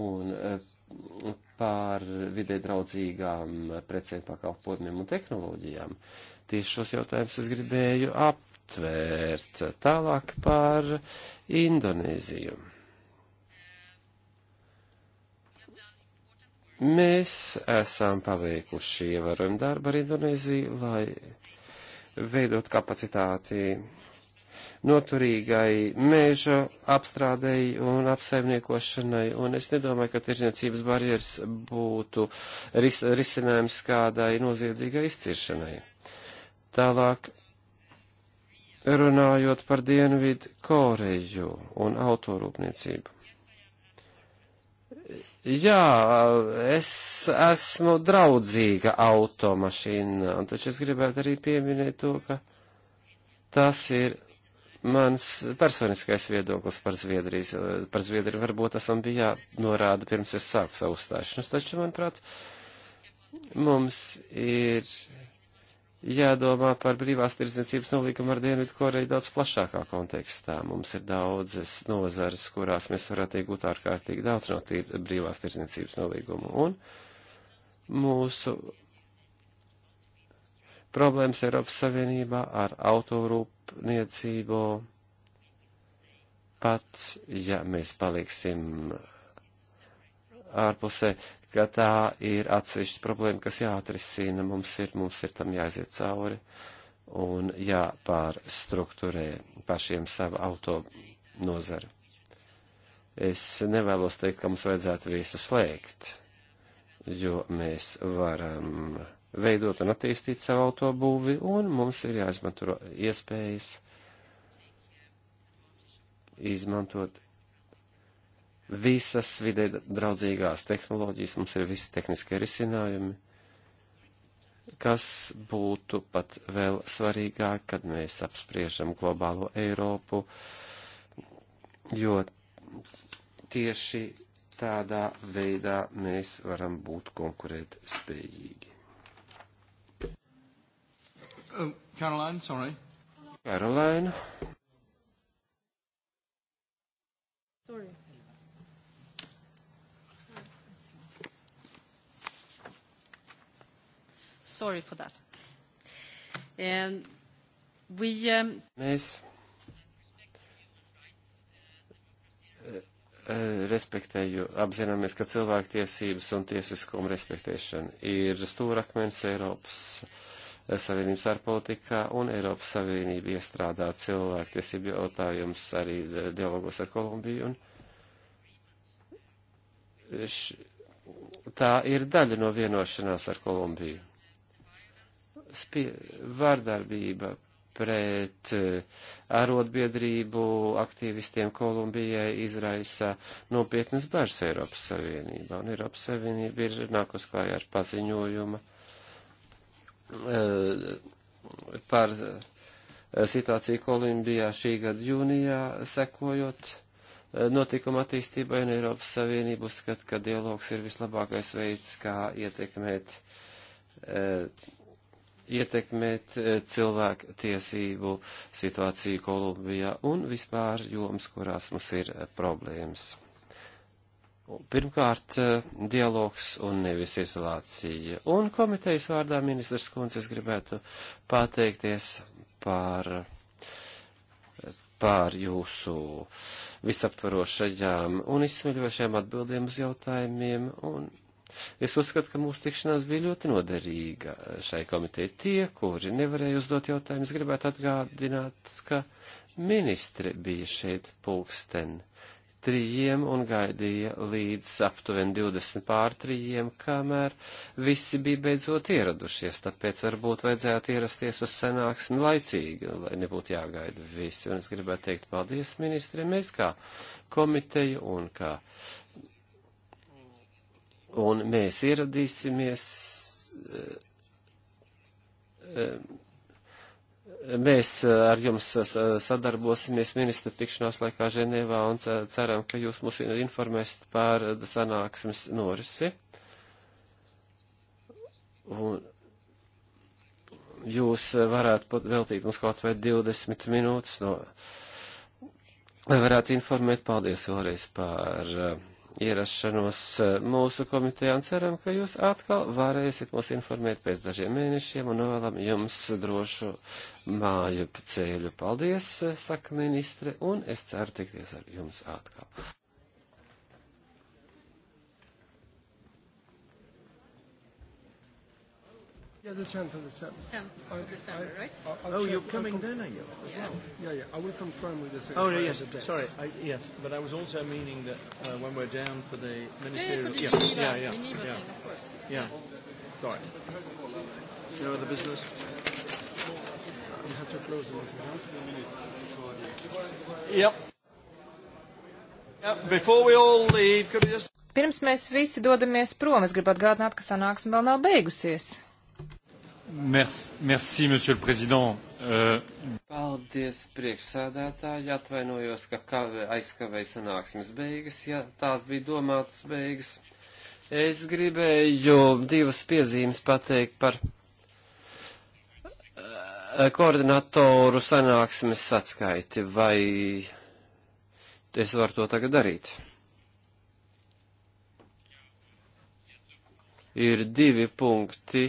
un eh, par vidē draudzīgām precēm pakalpojumiem un tehnoloģijām. Tieši šos jautājumus es gribēju aptvērt. Tālāk par Indonēziju. Mēs esam paveikuši ievērojumu darbu ar Indonēziju, lai veidot kapacitāti noturīgai mēža apstrādēji un apsaimniekošanai, un es nedomāju, ka tirzniecības barjeras būtu ris risinājums kādai noziedzīgai izciršanai. Tālāk, runājot par Dienvidu Koreju un autorūpniecību. Jā, es esmu draudzīga automašīnām, taču es gribētu arī pieminēt to, ka tas ir mans personiskais viedoklis par Zviedrijas, par Zviedriju varbūt esam bijā norāda pirms es sāku savu stāšanos, taču, manuprāt, mums ir jādomā par brīvās tirdzniecības nolīgumu ar Dienvidu Koreju daudz plašākā kontekstā. Mums ir daudzas nozares, kurās mēs varētu iegūt ārkārtīgi daudz no tīr, brīvās tirdzniecības nolīgumu. Un mūsu problēmas Eiropas Savienībā ar autorūpu rūpniecību, pats, ja mēs paliksim ārpusē, ka tā ir atsevišķa problēma, kas jāatrisina, mums ir, mums ir tam jāiziet cauri un jāpārstruktūrē pašiem savu auto nozari. Es nevēlos teikt, ka mums vajadzētu visu slēgt, jo mēs varam uh, veidot un attīstīt savu autobūvi, un mums ir jāizmanto iespējas izmantot visas vidē draudzīgās tehnoloģijas, mums ir visi tehniskie risinājumi, kas būtu pat vēl svarīgāk, kad mēs apspriežam globālo Eiropu, jo tieši tādā veidā mēs varam būt konkurēt spējīgi. Oh, Caroline, sorry. Caroline. Sorry. Sorry for that. And we, um... Mēs eh, eh, respektēju, apzināmies, ka cilvēktiesības un tiesiskuma respektēšana ir stūrakmens Eiropas uh, Savienības ārpolitikā un Eiropas Savienība iestrādā cilvēktiesību jautājumus arī eh, dialogos ar Kolumbiju. Un š, tā ir daļa no vienošanās ar Kolumbiju. Spie, vārdarbība pret eh, arotbiedrību aktīvistiem Kolumbijai izraisa nopietnas bažas Eiropas Savienībā. Un Eiropas Savienība ir nākus klājā ar paziņojumu Eh, par eh, situāciju Kolumbijā šī gada jūnijā sekojot eh, notikuma attīstībai un Eiropas Savienību uzskat, ka dialogs ir vislabākais veids, kā ietekmēt, ietekmēt cilvēku tiesību situāciju Kolumbijā un vispār joms, kurās mums ir problēmas. Pirmkārt, eh, dialogs un nevis izolācija. Un komitejas vārdā ministrs Kunces gribētu pateikties par, par jūsu visaptvarošajām un izsmeļošajām atbildēm uz jautājumiem un Es uzskatu, ka mūsu tikšanās bija ļoti noderīga šai komitei. Tie, kuri nevarēja uzdot jautājumus, gribētu atgādināt, ka ministri bija šeit pulksten trijiem un gaidīja līdz aptuveni 20 pār trijiem, kamēr visi bija beidzot ieradušies, tāpēc varbūt vajadzētu ierasties uz sanāksmi laicīgi, lai nebūtu jāgaida visi. Un es gribētu teikt paldies ministriem, mēs kā komiteju un kā. Un mēs ieradīsimies. Uh, uh, Mēs eh, ar jums eh, eh, sadarbosimies ministra tikšanās laikā Ženēvā un ceram, ka jūs mūs informēsiet par sanāksmes norisi. Un jūs varētu veltīt mums kaut vai 20 minūtes no, lai varētu informēt. Paldies vēlreiz par ierašanos eh, mūsu komitejā un ceram, ka jūs atkal varēsiet mūs informēt pēc dažiem mēnešiem un vēlam jums drošu māju ceļu. Paldies, eh, saka ministre, un es ceru tikties ar jums atkal. Yeah, the 10th of December. 10th of December, right? I, I'll oh, check. you're coming I'll then, are you? As yeah. Well? yeah, yeah. I will confirm with the oh, secretary. Oh, yeah, yes. The Sorry, I, yes. But I was also meaning that uh, when we're down for the ministerial. Yeah, yeah, for the yeah. Geneva, yeah, yeah. Geneva yeah. thing, of course. Yeah. yeah. Sorry. No other business? We have to close the meeting. Yep. yep. Before we all leave, could we just. Pirms mēs visi dodamies prom, es gribu atgādināt, ka sanāksme vēl nav beigusies. Merci, merci, monsieur le président. Uh... Paldies, priekšsēdētāji. Atvainojos, ka kavē, aizkavēja sanāksmes beigas, ja tās bija domātas beigas. Es gribēju divas piezīmes pateikt par eh, koordinatoru sanāksmes atskaiti, vai es varu to tagad darīt? Ir divi punkti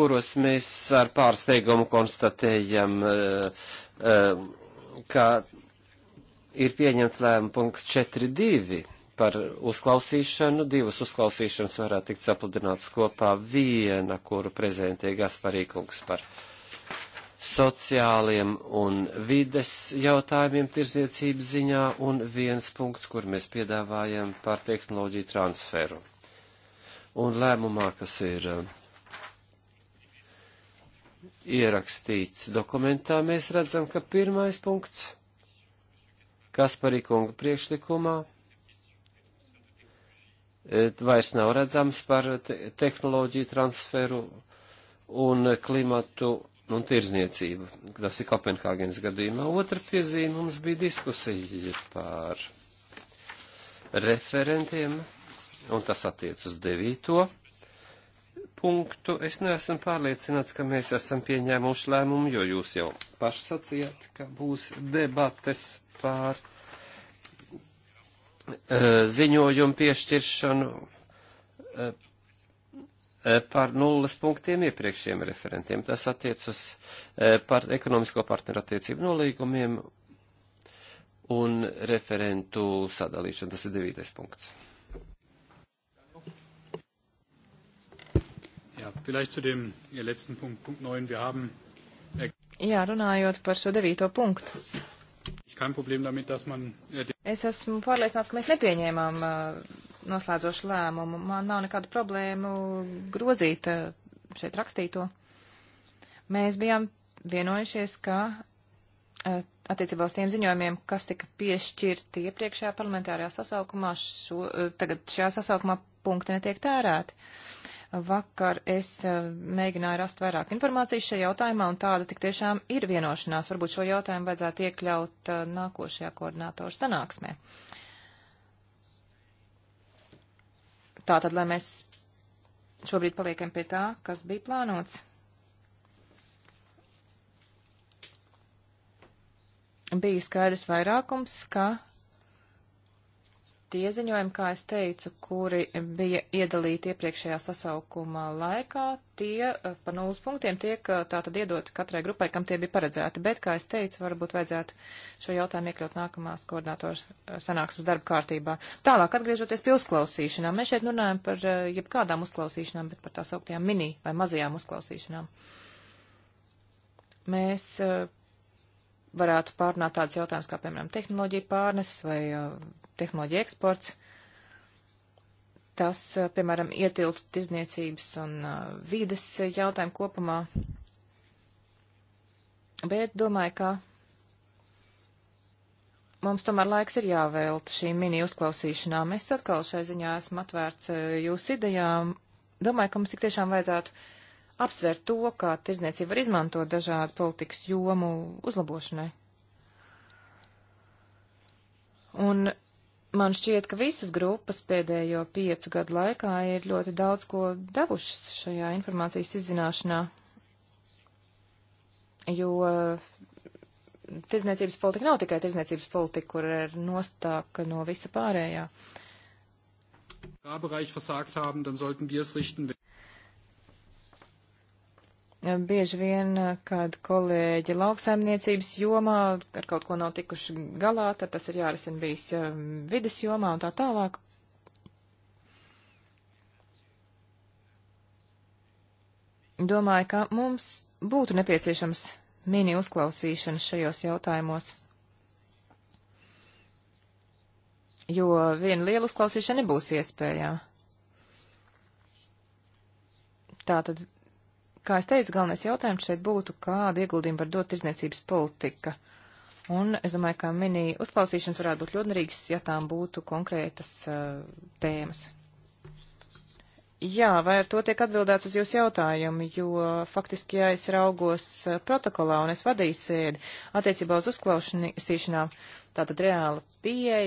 kuros mēs ar pārsteigumu konstatējam, eh, eh, ka ir pieņemts lēma punkts 4.2 par uzklausīšanu. Divas uzklausīšanas varētu tikt sapludinātas kopā viena, kuru prezentē Gasparīkungs par sociāliem un vides jautājumiem tirdzniecības ziņā un viens punkts, kur mēs piedāvājam par tehnoloģiju transferu. Un lēmumā, kas ir uh, ierakstīts dokumentā, mēs redzam, ka pirmais punkts Kasparīkunga priekšlikumā e, vairs nav redzams par te tehnoloģiju transferu un klimatu un tirzniecību. Tas ir Kopenhāgenes gadījumā. Otra piezīme mums bija diskusija par referentiem, un tas attiec uz devīto punktu es neesmu pārliecināts, ka mēs esam pieņēmuši lēmumu, jo jūs jau paši sacījāt, ka būs debates pār e, ziņojumu piešķiršanu e, e, par nulles punktiem iepriekšējiem referentiem. Tas attiec uz e, par ekonomisko partnerattiecību nolīgumiem un referentu sadalīšanu. Tas ir devītais punkts. Jā, vielleicht zu dem ja, letzten Punkt, Punkt 9. Wir haben. Er- Jā, runājot par šo devīto punktu. Damit, man... Äh, es esmu pārliecināts, ka mēs nepieņēmām äh, noslēdzošu lēmumu. Man nav nekādu problēmu grozīt äh, šeit rakstīto. Mēs bijām vienojušies, ka attiecībā uz tiem ziņojumiem, kas tika piešķirti iepriekšējā parlamentārajā sasaukumā, šo, tagad šajā sasaukumā punkti netiek tērēti. Uh, Vakar es eh, mēģināju rast vairāk informācijas šajā jautājumā, un tāda tik tiešām ir vienošanās. Varbūt šo jautājumu vajadzētu iekļaut eh, nākošajā koordinātoru sanāksmē. Tātad, lai mēs šobrīd paliekam pie tā, kas bija plānots. bija skaidrs vairākums, ka tie ziņojumi, kā es teicu, kuri bija iedalīti iepriekšējā sasaukuma laikā, tie eh, pa nulles punktiem tiek eh, tātad iedot katrai grupai, kam tie bija paredzēti. Bet, kā es teicu, varbūt vajadzētu šo jautājumu iekļaut nākamās koordinātoru eh, sanāksmes darba kārtībā. Tālāk, atgriežoties pie uzklausīšanām, mēs šeit runājam par jebkādām uzklausīšanām, bet par tās augtajām mini vai mazajām uzklausīšanām. Mēs varētu pārnāt tādus jautājumus kā, piemēram, tehnoloģija pārnes vai uh, tehnoloģija eksports. Tas, eh, piemēram, ietilpst tirzniecības un eh, vides jautājumu kopumā. Bet domāju, ka mums tomēr laiks ir jāvēlt šīm mini uzklausīšanām. Es atkal šai ziņā esmu atvērts eh, jūsu idejām. Domāju, ka mums tik tiešām vajadzētu apsvērt to, kā tirzniecība var izmantot dažādu politikas jomu uzlabošanai. Un Man šķiet, ka visas grupas pēdējo piecu gadu laikā ir ļoti daudz ko devušas šajā informācijas izzināšanā, jo tirzniecības politika nav tikai tirzniecības politika, kur ir nostāka no visa pārējā. Haben, dann sollten wir es richten, bieži vien, eh, kad kolēģi lauksaimniecības jomā ar kaut ko nav tikuši galā, tad tas ir jārisina bijis eh, vides jomā un tā tālāk. Domāju, ka mums būtu nepieciešams mini uzklausīšanas šajos jautājumos. Jo viena liela uzklausīšana nebūs iespējama. Tātad Kā es teicu, galvenais jautājums šeit būtu, kādu ieguldījumu var dot tirzniecības politika. Un es domāju, ka mini uzklausīšanas varētu būt ļoti nerīgas, ja tām būtu konkrētas uh, tēmas. Jā, vai ar to tiek atbildēts uz jūsu jautājumu, jo faktiski, ja es raugos uh, protokolā un es vadīju sēdi attiecībā uz uzklausīšanām, tātad reāla pieeja